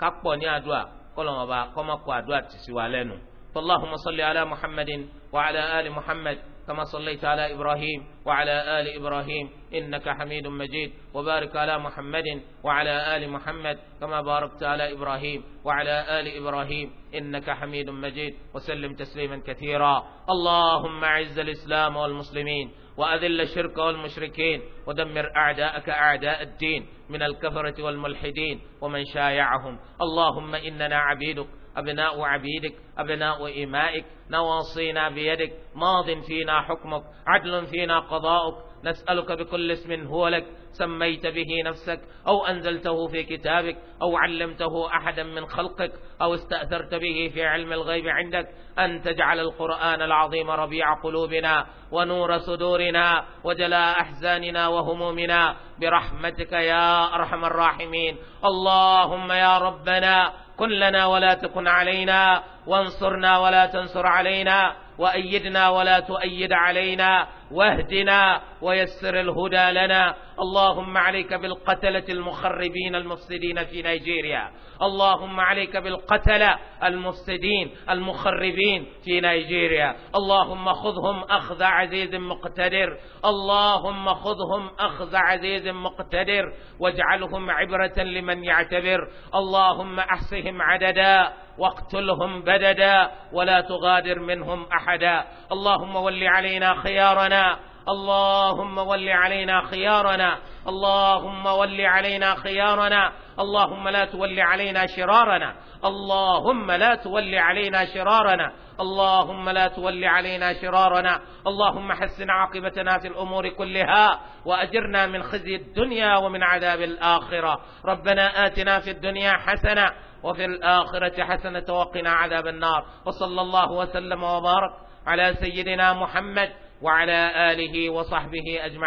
ká pọ̀ ní àdúrà kọ́ lọ́wọ́n bá kọ́ má kó àdúrà tì sí wa lẹ́nu. فاللهم صل على محمد وعلى آل محمد كما صليت على إبراهيم وعلى آل إبراهيم إنك حميد مجيد وبارك على محمد وعلى آل محمد كما باركت على إبراهيم وعلى آل إبراهيم إنك حميد مجيد وسلم تسليما كثيرا اللهم عز الإسلام والمسلمين وأذل الشرك والمشركين ودمر أعداءك أعداء الدين من الكفرة والملحدين ومن شايعهم اللهم إننا عبيدك أبناء عبيدك أبناء إمائك نواصينا بيدك ماض فينا حكمك عدل فينا قضاؤك نسألك بكل اسم هو لك سميت به نفسك أو أنزلته في كتابك أو علمته أحدا من خلقك أو استأثرت به في علم الغيب عندك أن تجعل القرآن العظيم ربيع قلوبنا ونور صدورنا وجلاء أحزاننا وهمومنا برحمتك يا أرحم الراحمين اللهم يا ربنا كن لنا ولا تكن علينا وانصرنا ولا تنصر علينا وأيدنا ولا تؤيد علينا واهدنا ويسر الهدى لنا اللهم عليك بالقتلة المخربين المفسدين في نيجيريا اللهم عليك بالقتلة المفسدين المخربين في نيجيريا اللهم خذهم أخذ عزيز مقتدر اللهم خذهم أخذ عزيز مقتدر واجعلهم عبرة لمن يعتبر اللهم أحصهم عددا واقتلهم بددا ولا تغادر منهم أحدا اللهم ول علينا خيارنا اللهم ول علينا خيارنا اللهم ول علينا خيارنا اللهم لا تول علينا شرارنا اللهم لا تول علينا شرارنا اللهم لا تول علينا شرارنا اللهم حسن عاقبتنا في الأمور كلها وأجرنا من خزي الدنيا ومن عذاب الآخرة ربنا آتنا في الدنيا حسنة وفي الآخرة حسنة وقنا عذاب النار وصلى الله وسلم وبارك على سيدنا محمد وعلى آله وصحبه أجمعين